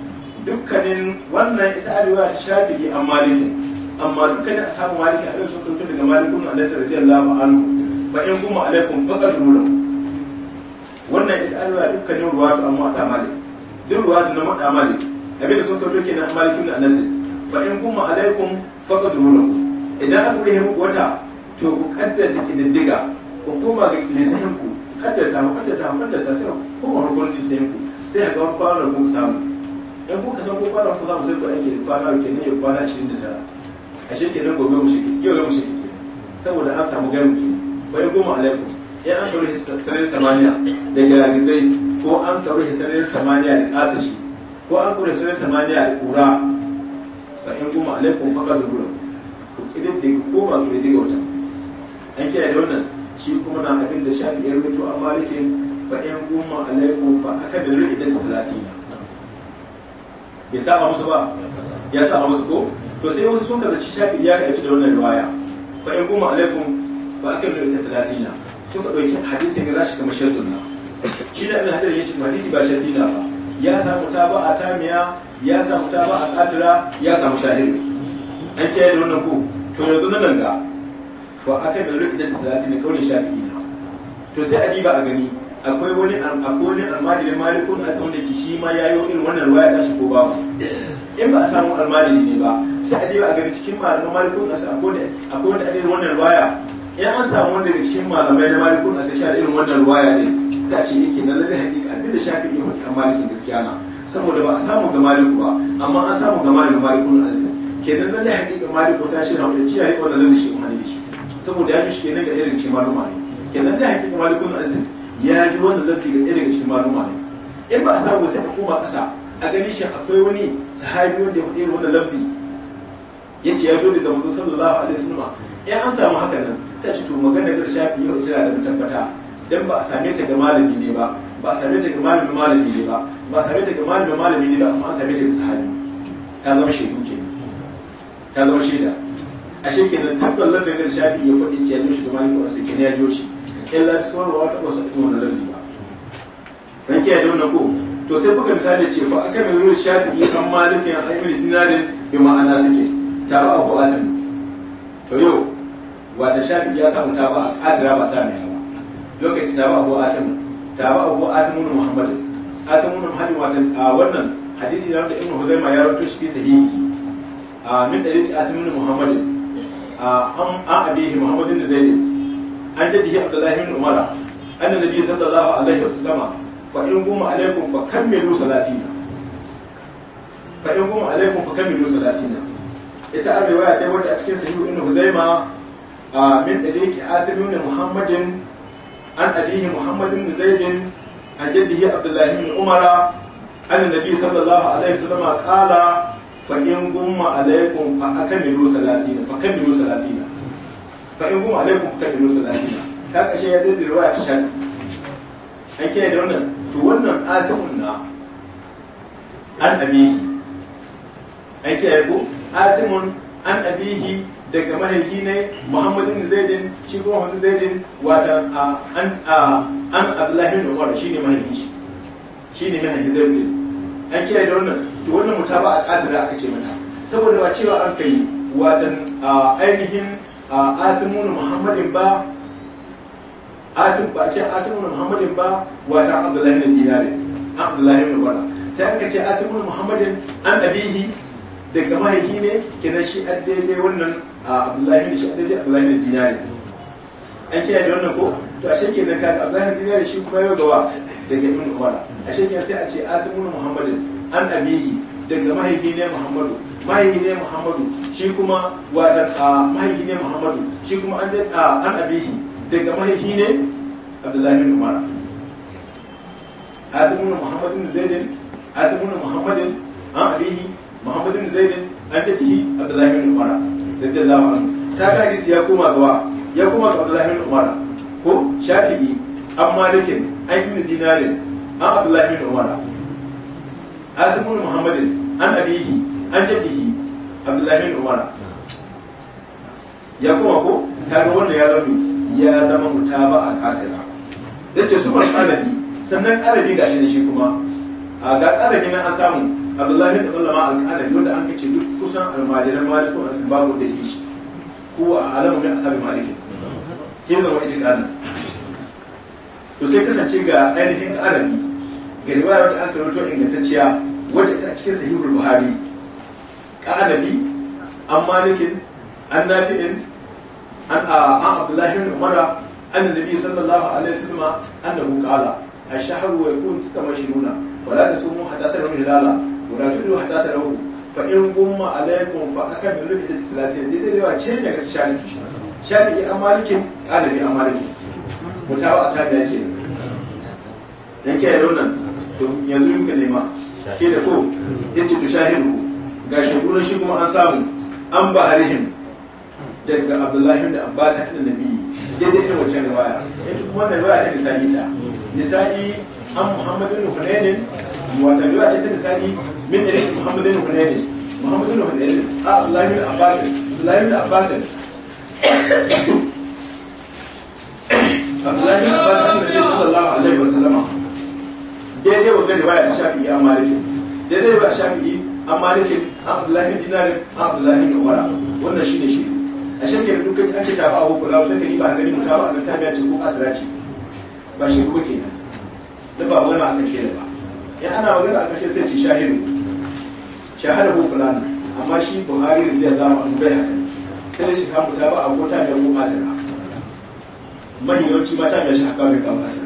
dukkanin wannan ita arewa ta shafi an malikin amma dukkanin a samun maliki alaihi sun tuntun daga malikun alaihi radiyallahu anhu ba in gumma alaikum ba zuru wannan ita arewa dukkanin ruwatu amma a malik duk ruwatu na maɗa malik abin da sun tuntun kenan malikin da alaihi ba in gumma alaikum faqad rulakum idan aka kure muku wata to ku kaddata kididdiga ku koma ga lisan ku kaddata ku kaddata ku kaddata sai ku koma harkon lisan ku sai ga wani ku samu in kuka san ko fara ku samu sai ku aiki fara ku kenan ya kwana ta a shi da gobe mu shi yau mu shi saboda an samu gami ke bai goma alaikum ya an karu sararin samaniya da garagizai ko an karu sararin samaniya da kasashi ko an karu sararin samaniya da kura ba in goma alaikum da rura idan da koma to daidai wata an kiyaye da wannan shi kuma na abin da shafi biyar mutu a malikin ba yan goma laifin ba aka da rubuta idan bai saba musu ba ya saba musu ko to sai wasu sun kaza shafi ya ka da wannan ruwaya ba yan goma laifin ba aka da rubuta talasina sun ka dauki hadisi ne rashi kamar shazunna shi da ibn ya ce hadisi ba shazina ba ya samu ta ba a tamiya ya samu ta ba a kasira ya samu shahiri an kiyaye da wannan ko to yanzu nan da fa aka da rufi da talatin kaulin shafi'i to sai a diba a gani akwai wani akwai wani almajiri malikun a tsawon da ke shi ma yayo irin wannan ruwaya ta shi ko ba in ba a samu almajiri ne ba sai a diba a gani cikin malaman malikun a akwai wani a irin wannan ruwaya in an samu wanda daga cikin malamai na malikun a sai irin wannan ruwaya ne sai a ce yake na lalle hakika abin da shafi shafi'i mutum malikin gaskiya na saboda ba a samu ga maliku ba amma an samu ga malikin malikun a kenan lalle hakika malik wata shi rahmatu shi yayi wannan lalle shi kuma ne shi saboda ya bi shi kenan ga irin cikin maluma ne kenan lalle hakika mali ibn arzik ya ji wannan lalle ga irin cikin maluma ne in ba a samu sai a koma kasa a ganin shi akwai wani sahabi wanda ya faɗi irin wannan lafzi ce ya zo da manzo sallallahu alaihi wasallam in an samu haka nan sai shi to magana ga shafi yau ita da tabbata dan ba a same ta ga malami ne ba ba a same ta ga malami malami ne ba ba a same ta ga malami malami ne ba amma an same ta ga sahabi ta zama shaidu ta zama shaida a shekin da tabbas lafiya kan shafi ya faɗi ce ya shi kuma ni kuma sai kin ya jiyo shi in la su wani wata ba su ɗin wannan lafi ba dan kiyaye da wannan ko to sai kuka misali ce fa aka mai shafi an malikin aibin dinarin bi ma'ana suke taro abu asin to yau wata shafi ya samu ta ba a asira ba ta mai hawa lokaci ta ba abu asin ta ba abu asin muhammadin asin muhammadin wata wannan hadisi na da ibnu huzaima ya rawaito shi fi sahihi min ɗari asimin muhammadin an abihi muhammadin da zaini an jaddihi abdullahi min umara an da nabi sallallahu alaihi wasallama fa in goma alaikum fa kammilu salasina fa in goma alaikum fa ita an riwaya ta wanda a cikin sahihu ibn huzaima min ɗari asimin muhammadin an abihi muhammadin da zaini an jaddihi abdullahi min umara an nabi sallallahu alaihi wasallama qala فإن قم عليكم فأكملوا fa akamilu salasina فإن قم عليكم fa in gumma alaikum fa kamilu salasina ka kashe ya dinda ruwa ta أبيه an kiyaye يقول آسم to wannan asimun na an an kiyaye ko asimun an daga mahaifi ne muhammadin zaidin shi kuma zaidin wata an an abdullahi bin umar shine mahaifi shi shine zaidin an kiyaye da wannan to wannan mutaba a kasira aka ce mata saboda ba cewa an kai watan ainihin asimunu muhammadin ba asim ba ce asimunu muhammadin ba wata abdullahi ne dinare abdullahi ne wala sai aka ce asimunu muhammadin an abihi daga mahaifi ne kenan shi an wannan abdullahi ne shi an daidai abdullahi ne dinare an kiyaye da wannan ko to ashe kenan kaga abdullahi ne dinare shi kuma yau gawa daga ibn wala ashe kenan sai a ce asimunu muhammadin an abihi daga mahaifi ne muhammadu mahaifi ne muhammadu shi kuma watan mahaifi ne muhammadu shi kuma an abihi daga mahaifi ne abdullahi bin umara asimun muhammadin zaidin asimun muhammadin an abihi muhammadin zaidin an tabihi abdullahi bin umara radiyallahu anhu ta ga hadisi ya koma gawa ya koma ga abdullahi bin umara ko shafi'i an malikin an yi dinarin an abdullahi bin umara عاصم بن an abihi an jabihi abdullahi عبد الله ya kuma ko kaga wanda ya zama ya zama mutaba a kasira yace su bar arabi sannan arabi gashi ne shi kuma a ga arabi nan an samu abdullahi ibn ulama al-qanabi wanda an kace duk kusan almajiran malikun babu da shi ko a alamu min asabi maliki kin zama ita kana to sai kasance ga ainihin arabi ga riwaya wadda an karanto ingantacciya wadda ta cikin sahihul buhari qalabi an malikin an nafi'in an an abdullahi ibn umara anna nabi sallallahu alaihi wasallam annahu qala الشهر ويكون تتماشرون ولا تتوموا fa تروا الهلال ولا تدلوا حتى تروا فإن قم عليكم فأكملوا إحدى الثلاثين دي دي رواية شيء لك الشارع شارع أمالك قال لي أمالك متابعة تابعة كده yanke ya nan to yanzu muka nema ke da ko yace to shahidu ga shagunan shi kuma an samu an ba harihim daga abdullahi da abbas da nabi yadda ita wancan riwaya yace kuma wannan riwaya ta nisa'i ta nisa'i an muhammadun hunainin wata riwaya ce ta nisa'i min irin muhammadun hunainin muhammadun hunainin a abdullahi da abbas abdullahi da abbas abdullahi da abbas da ce sallallahu alaihi wasallama daidai wanda riwaya shafi a malikin daidai riwaya shafi'i a malikin abdullahi dinar abdullahi kawara wannan shine shi a shakka dukkan ake ta ba a hukun lawa shakka ba gani mutawa a ta biya ce ko asira ce ba shi kuma kenan da ba wani a kan shaida ba ya ana magana a kashe sai ci shahiru shahara ko fulani amma shi buhari da zai zama an bai haka kada shi kamuta ba a ko ta biya ko asira mahiyoci mata biya shi haka bai kama asira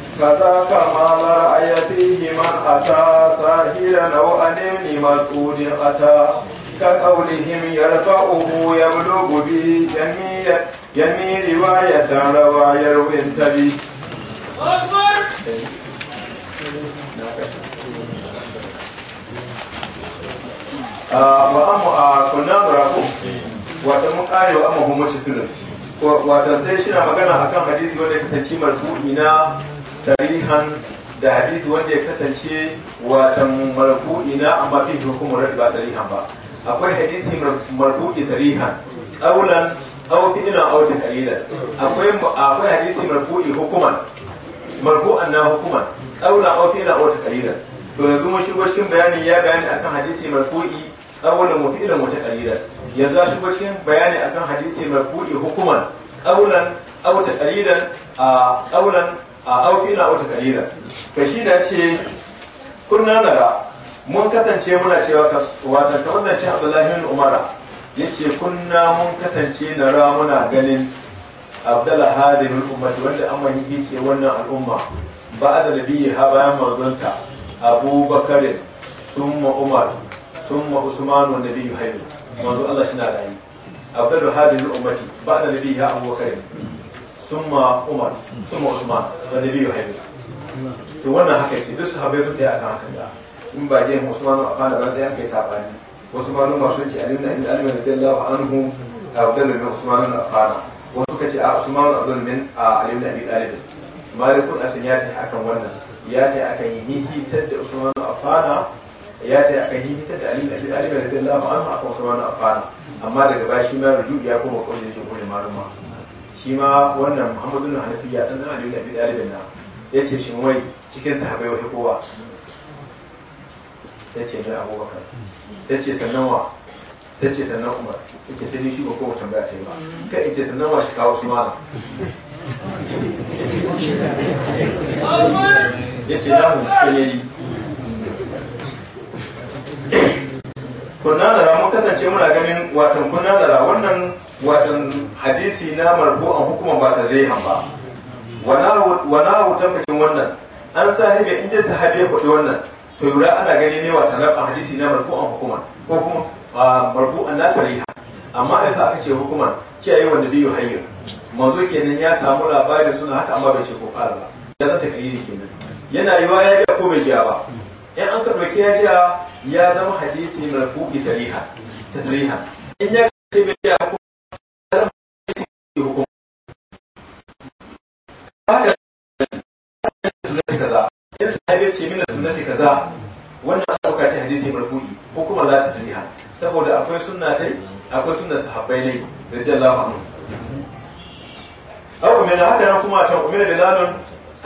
فذاك ما لرأي فيه من أتى أو أتى كقولهم يرفعه يبلغ به يمي رواية رواية يروي انتبه wa'amu a kunna wata mun wa wa'amu homo shi sunan wata sai shi na magana akan hadisi wanda ya kasance sarihan da hadisi wanda ya kasance watan marfu'i na amma fi hukumar rad ba sarihan ba akwai hadisi marfu'i sarihan qawlan aw fi'lan aw taqlilan akwai akwai hadisi marfu'i hukuman marfu'an na hukuman qawlan aw fi'lan aw taqlilan to yanzu mun shigo cikin bayani ya bayani akan hadisi marfu'i qawlan wa fi'lan wa taqlilan yanzu a shigo cikin bayani akan hadisi marfu'i hukuman qawlan aw taqlilan a qawlan a auki na wata kalila ka shi da ce kunna nara mun kasance muna cewa ka wata ta wannan cin abdullahi bin umara yace kunna mun kasance nara muna ganin abdullah hadin ummati wanda an mahibi ke wannan al'umma ba da nabiyyi ha bayan manzonta abubakar summa umar summa usman wa nabiyyu hayy manzo Allah shi na rayi abdullah hadin ummati ba da nabiyyi ha abubakar ثم عمر ثم عثمان والنبي يحبه to wannan haka yake duk sahabbai sun ta a kan da in ba dai Usman a kana ba da yake sabani wasu malum masu ce alimna in alimna radiyallahu anhu abdul bin Usman a kana wasu kace a Usman abdul bin alimna abi talib malikun asan ya tafi akan wannan ya tafi akan hihitar da Usman a kana ya tafi akan hihitar da alimna abi talib radiyallahu anhu akan Usman a kana amma daga bashi ma ruju ya kuma kullin shi kullin maluma. shi ma wannan muhammadu na hanafiya ɗan zama da abi ɗalibin na ya ce shi wai cikin sahabai wa kowa sai ce mai abubakar sai ce sannan wa sai ce sannan umar ya ce sai shi ba kowa tambaya ta yi ba kai in ce sannan wa shi kawo su Mara ya ce za mu cikin yayi kunna da mun kasance muna ganin watan kun da wannan watan hadisi na a hukuman ba zai ba Wana wutan bikin wannan an sahibi inda sahabi ya faɗi wannan to yura ana gani ne wata na hadisi na a hukuman ko kuma marbu'an na sarriha amma ya sa aka ce hukuman kiyaye wanda biyu hayyu manzo kenan ya samu labarin suna haka amma bai ce ko kala ba ya zanta kalili kenan yana yiwa ya ji ko bai ji ba in an ka dauke ya ji ya zama hadisi marfu'i sariha tasriha in ya ce bai ji ko ya ce mina sunnati kaza wannan aka ɗauka ta hadisi marfu'i ko kuma za ta sariha saboda akwai sunna tai akwai sunna sahabbai ne radiyallahu anhu aw umina haka nan kuma ta umina bilalun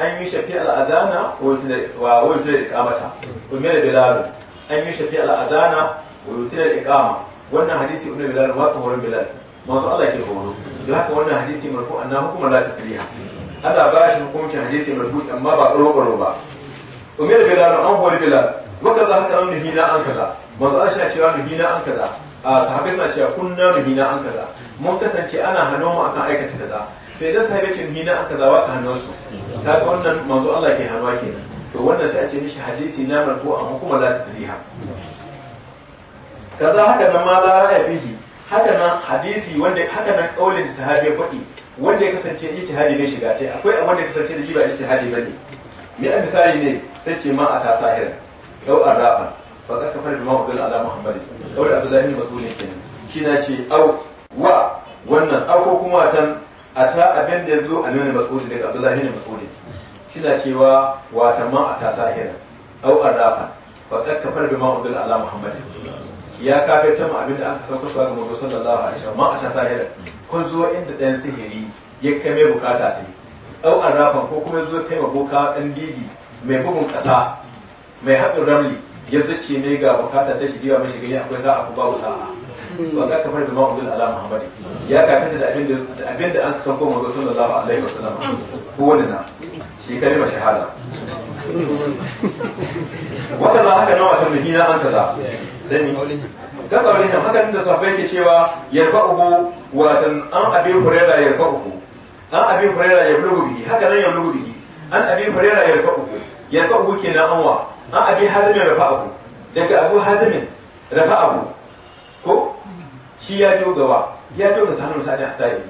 an yi shafi al'azana wa wutar ikamata umina bilalun an yi shafi al'azana wa wutar ikama wannan hadisi umina bilalun wata horon bilal manzo Allah ke horo don haka wannan hadisi marfu'an na hukumar la tasriha ana ba shi hukuncin hadisi marfu'i amma ba ƙoro ba umar bilal an hori bilal waka za haka an hina an kaza manzo Allah shi cewa hina an kaza a sahabbai na cewa kunna hina an kaza mun kasance ana hannun mu akan aikata kaza sai idan sahabbai ke hina an kaza waka hannun su ta ga wannan manzo Allah ke hannuwa kenan to wannan sai a ce mishi hadisi na marko amma kuma la tasbiha kaza haka nan ma la ra'ayi bihi haka nan hadisi wanda haka nan kaulin sahabi faɗi wanda ya kasance ijtihadi bai shiga tai akwai abin da ya kasance da shi ba ijtihadi bane me a misali ne sai ce ma a ta sahira dau a raɓa ba za ka fara jama'a udul ala muhammadi yau da abu zahiri mazu ne kenan shi na ce au wa wannan au ko kuma tan a ta abin da ya zo a nuna mas'udi daga abu zahiri mas'udi shi na cewa wata ma a ta sahira dau a raɓa ba za ka fara jama'a udul ala muhammadi ya kafir ta ma abin da an san kusa ga mutu sallallahu alaihi wasallam ma a ta sahira kun zo inda ɗan sihiri ya kame bukata ta yi au a ko kuma zo kai ma ɗan bibi mai bugun ƙasa mai haɗin ramli ya zace ne ga bukata ta shi biya mashi gani akwai sa'a ko babu sa'a wa ga kafar da ma'udul ala muhammad ya kafin da abin da abin da an san ko manzo sallallahu alaihi wasallam ko wani na shi kare ma shahada wata ba haka nawa ta muhina an kaza sai ni ga kawai haka da sabai ke cewa Yarba yarfa'uhu watan an abin hurera yarfa'uhu an abin hurera yablugu bihi haka nan yablugu bihi an abin hurera yarfa'uhu Ya yarfa abu na anwa an abi hazimin rafa abu daga abu hazimin rafa abu ko shi ya jo gawa ya jo ga sanar a hasari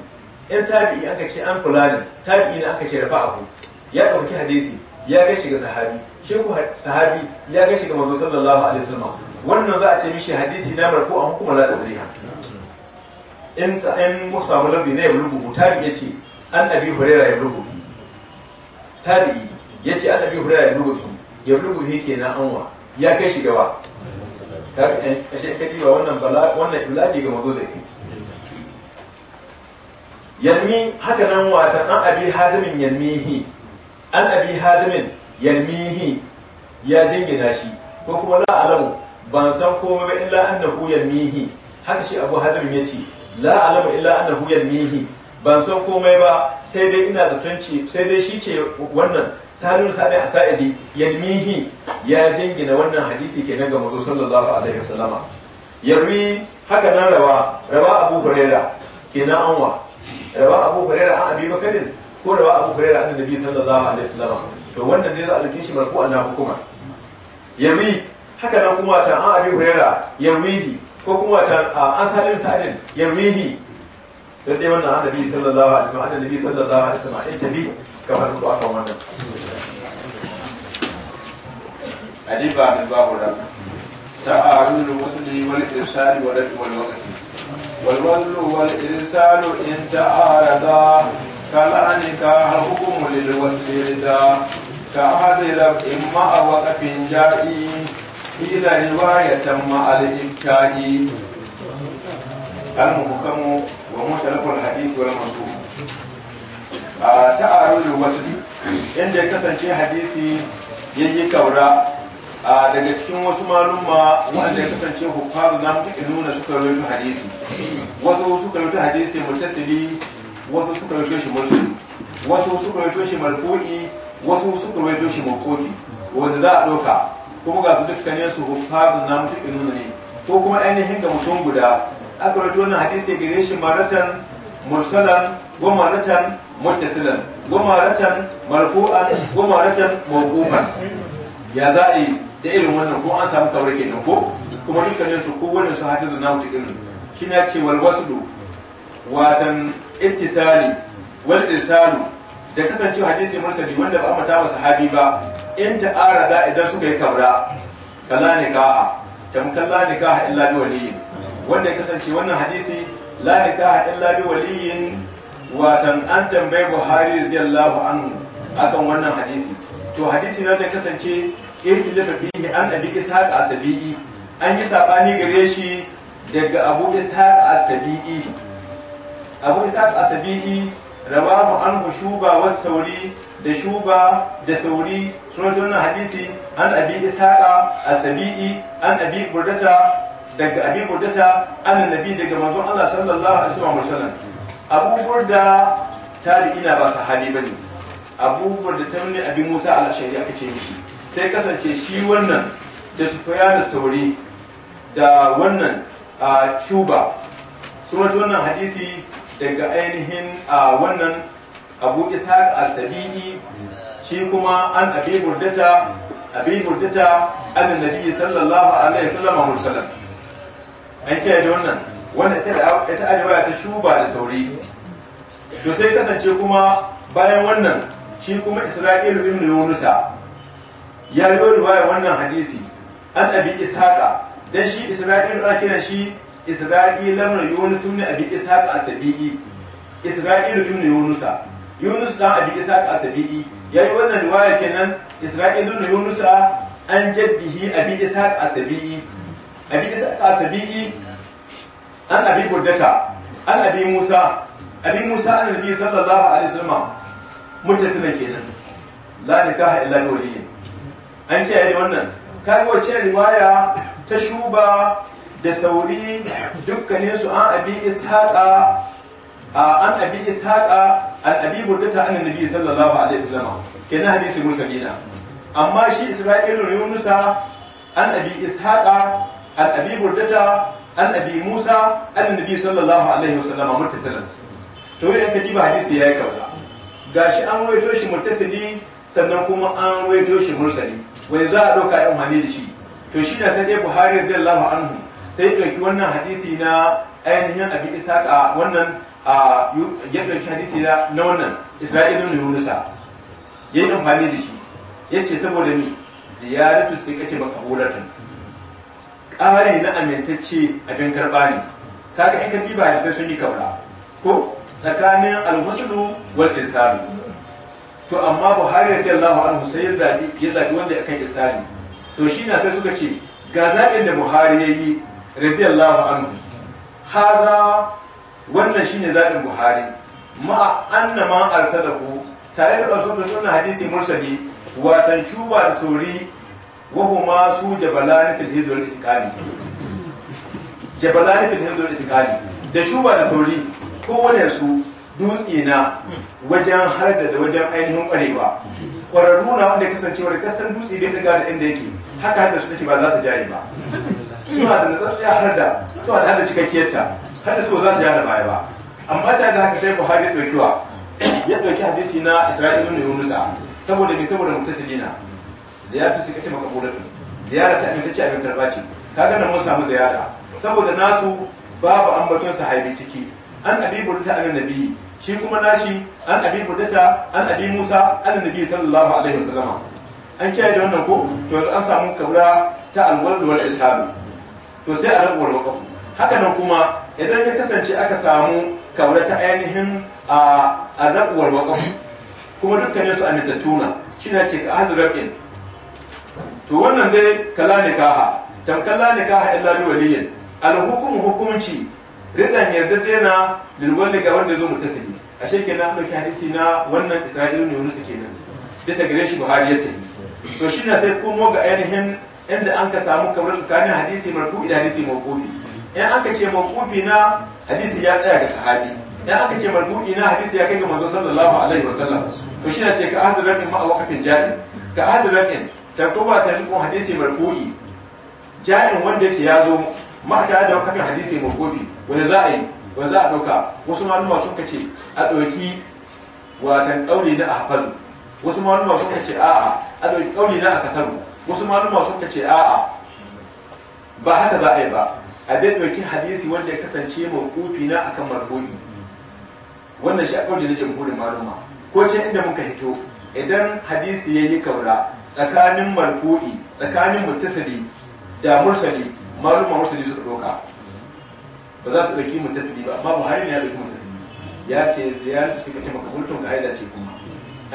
in tabi'i an kace an fulani tabi'i ne aka ce rafa abu ya dauki hadisi ya gaishe ga sahabi shi ku sahabi ya gaishe ga manzo sallallahu alaihi wasallam wannan za a ce mishi hadisi na barko an hukuma la tasriha in in mu samu labi ne ya rubu tabi'i ce an abi hurairah ya rubu tabi'i ya ce annabi hurairu ya rubuta ya ke na anwa ya kai shi gawa eh, ashe ka diba wannan bala wannan iblabi ga mazo da ke yalmi haka nan wata an abi hazimin yalmihi an abi hazimin yalmihi ya jingina shi ko kuma la alamu ban san komai ba illa annahu yalmihi haka shi abu hazimin ya ce la alamu illa annahu yalmihi ban san komai ba sai dai ina da tunci sai dai shi ce wannan salim sabi a sa'idi mihi ya jingina wannan hadisi ke nan ga mazu sallallahu alaihi wasallama yarwi haka nan rawa rawa abu huraira kenan anwa rawa abu huraira an abi bakarin ko rawa abu huraira an nabi sallallahu alaihi wasallama to wannan ne za a lukin shi marfu an hukuma yarwi haka nan kuma ta an abi huraira yarwihi ko kuma ta an salim sa'idin yarwihi dan dai wannan annabi sallallahu alaihi wasallam annabi sallallahu alaihi wasallam intabi kamar ku akan wannan adiba min babu ran wani wasli wal irsal wani wakati. waqti wal wallu wal irsal in ta'arada kala nikah hukum lil wasli da كعادل إما وقف جائي إلى رواية مع الإبتاء المحكم ومختلف الحديث والمنصوب ta arojo wasu inda ya kasance hadisi ya yi kaura daga cikin wasu malumma wanda ya kasance hukumar na nuna suka rubuta hadisi wasu suka rubuta hadisi mutasili wasu suka rubuta shi mursali wasu suka rubuta shi marfu'i wasu suka rubuta shi mawqufi wanda za a doka kuma ga su dukkanin su hukumar na nuna ne ko kuma ainihin ga mutum guda aka rubuta wannan hadisi gare shi maratan mursalan wa maratan muttasilan gumaratan marfu'an gumaratan mawqufan ya za a yi da irin wannan ko an samu kabar kenan ko kuma dukkanin su ko wannan su hadithu na mutaqin kina ce wal waslu watan ittisali wal irsalu da kasance hadisi mursali wanda ba a mata wa sahabi ba in ta arada idan suka yi kabra kala nikaha tamkan la nikaha illa bi waliyin wanda ya kasance wannan hadisi la nikaha illa bi waliyin watan an tambayi buhari radiyallahu anhu akan wannan hadisi to hadisi nan da kasance ihdila bihi an abi ishaq asabi'i an yi sabani gare shi daga abu ishaq asabi'i abu ishaq asabi'i rawahu anhu shuba was sauri da shuba da sauri sunan wannan hadisi an abi ishaq asabi'i an abi burdata daga abi burdata an nabi daga manzon Allah sallallahu alaihi wasallam abu burda ina ba sahabi bane abubuwar da ta nuna abin musa al aka ce mishi sai kasance shi wannan da sufyan sauri da wannan a cuba sun wannan hadisi daga ainihin a wannan abu ishaq al-sabi'i shi kuma an abi burdata abi burdata annabi sallallahu alaihi wasallam mursalan an kiyaye da wannan wannan ita arewa ta shuba da sauri to sai kasance kuma bayan wannan shi kuma isra'ilu ibn yunusa ya yi riwaya wannan hadisi an abi ishaqa dan shi isra'ilu ana kiran shi isra'ilu ibn yunus ibn abi ishaqa asabi'i isra'ilu ibn yunusa yunus dan abi ishaqa asabi'i ya yi wannan riwaya kenan isra'ilu ibn yunusa an jaddihi abi ishaqa asabi'i abi ishaqa asabi'i an abi burdata an abi musa abi musa an nabi sallallahu alaihi wasallam muttasilan kenan la nikaha illa bi waliyin an kiyaye da wannan kai wacce riwaya ta shuba da sauri dukkanin su an abi ishaqa an abi ishaqa an abi burdata an nabi sallallahu alaihi wasallam kenan hadisi musalina amma shi isra'ilu yunusa an abi ishaqa an abi burdata an abi musa an nabi sallallahu alaihi wasallam muttasalan to an ka diba hadisi yayi kausa gashi an waito shi mutasalli sannan kuma an waito shi mursali wai za a dauka yan hane da shi to shi na sai buhari radiyallahu anhu sai ya ɗauki wannan hadisi na ainihin abi isaka wannan ya ɗauki hadisi na wannan isra'ilun yunusa ya yi amfani da shi ya ce saboda ni ziyaratu sai kace makabulatun ƙare na amintacce abin karɓa ne kaga in bi ba sai sun yi kabla ko tsakanin alhuslu wal irsalu to amma buhari radiyallahu anhu sai ya zabi ya zabi wanda akan irsalu to shi na sai suka ce ga zaɓin da buhari ya yi radiyallahu anhu haza wannan shine zaɓin buhari ma'a annama arsalahu tare da ɗaukar hadisi mursali watan shuba da sori وهما سو Jabalani في الهند والاتقان Jabalani في الهند والاتقان da shuba da sauri ko kowane su dutse na wajen harda da wajen ainihin kwarewa kwararru na wanda kasancewar kasan dutse bai daga da inda yake haka harda su take ba za su jaye ba su suna da natsattsiya harda suna da harda cikakkiyarta harda su za su jaye da baya ba amma ta da haka sai buhari ya ɗauki wa ya ɗauki hadisi na isra'ilu da yunusa saboda mai saboda mutasilina ziyaratu sai ka maka qulatu ziyara ta amince abin karba ce kaga nan mun samu ziyara saboda nasu babu ambaton sahabi ciki an abi burda an nabi shi kuma nashi an abi ta an abi musa an nabi sallallahu alaihi wasallama an kiyaye da wannan ko to an samu kabura ta da wal isabi to sai a rabuwar waqaf haka nan kuma idan ya kasance aka samu kabura ta ainihin a rabuwar waqaf kuma dukkanin su amintattuna shi ne ce ka hazratin to wannan dai kala can kala ne kaha illa bi waliyin al hukumu hukumci ridan yarda da lil wanda ga wanda zo mutasili ashe kenan dauki hadisi na wannan isra'ilu ne wani kenan bisa gare shi buhari ya tafi to shi na sai komo ga ainihin inda an ka samu kamar tsakanin hadisi marfu da hadisi mawqufi in aka ce mawqufi na hadisi ya tsaya ga sahabi in aka ce marfu na hadisi ya kai ga manzo sallallahu alaihi wasallam to shi na ce ka ahdu rabbin ma'a waqfin jahil ka ahdu rabbin ta rikon hadisi marfu'i ja'in wanda ke yazo ma ta da kafin hadisi marfu'i wani za a yi wani za a dauka wasu maluma suka ce a dauki watan kauli na a hafazu. wasu maluma suka ce a'a a dauki kauli na a akasaru wasu maluma suka ce a'a ba haka za a yi ba a dai dauki hadisi wanda ya kasance marfu'i na akan marfu'i wannan shi a kauli na jamhurin maluma ko ce inda muka hito idan hadisi ya yi kaura tsakanin marfu'i tsakanin muttasili da mursali malum mursali su doka ba za su dauki muttasili ba amma buhari ne ya dauki muttasili ya ce ziyaratu su ce maka ga ka'ida ce kuma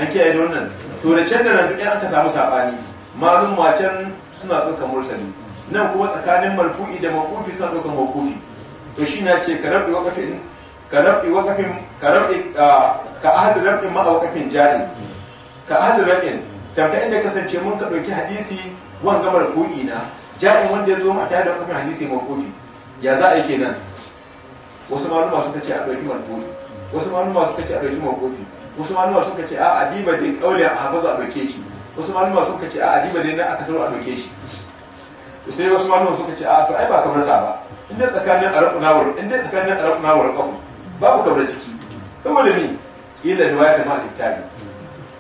an kiyaye da wannan to da can da nan duk aka samu saɓani malum wacan suna doka mursali nan kuma tsakanin marfu'i da makufi suna doka makufi to shi na ce karabi waqafin karabi waqafin ah, ka ahadu rabin ma wakafin jari ka ahadu rabin taka inda kasance mun ka ɗauki hadisi wan gamar kuɗi na ja'in wanda ya zo a tare da kafin hadisi mawqufi ya za a yi kenan wasu malama suka ce a ɗauki mawqufi wasu malama suka ce a ɗauki mawqufi wasu malama suka ce a adiba da ƙaule a hafaza a ɗauke shi wasu malama suka ce a adiba da na aka sauro a ɗauke shi sai wasu malama suka ce a to ai ba kamar ta ba inda tsakanin arabu nawar inda tsakanin arabu nawar kafu babu kamar ciki saboda ni ila riwaya ta ma littafi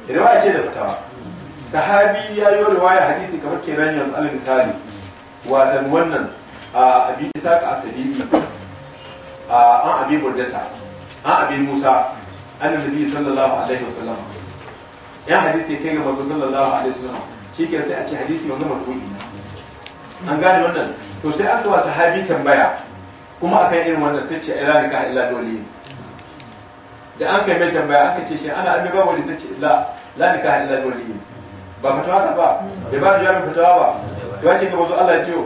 riwaya ce da fatawa sahabi ya yi waya hadisi kamar kenan yanzu al misali watan wannan a isa ka as a an abin burdata an abin musa an nabi sallallahu alaihi wasallam ya hadisi kai ga manzo sallallahu alaihi wasallam ke sai a ce hadisi wannan marfu'i an gane wannan to sai aka wa sahabi tambaya kuma akan irin wannan sai ce ila nikah illa dole da an kai mai tambaya aka ce shi ana annabawa ne sai ce la la nikah illa dole ba fatawa ta ba da ba da jami'in fatawa ba ya ce ga mazo Allah ya ciwo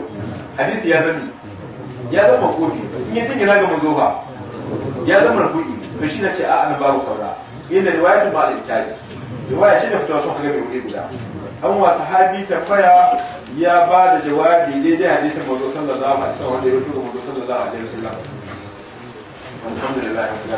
hadisi ya zami ya zama kofi in ya gina ga mazo ba ya zama rafu'i to shi na ce a ana babu kaura da riwayatun ba al-ittali riwaya ce da fitowa sun kaga bai guda an wa sahabi tambaya ya ba da jawabi daidai hadisin mazo sallallahu alaihi wasallam da ya rubuta mazo sallallahu alaihi wasallam alhamdulillah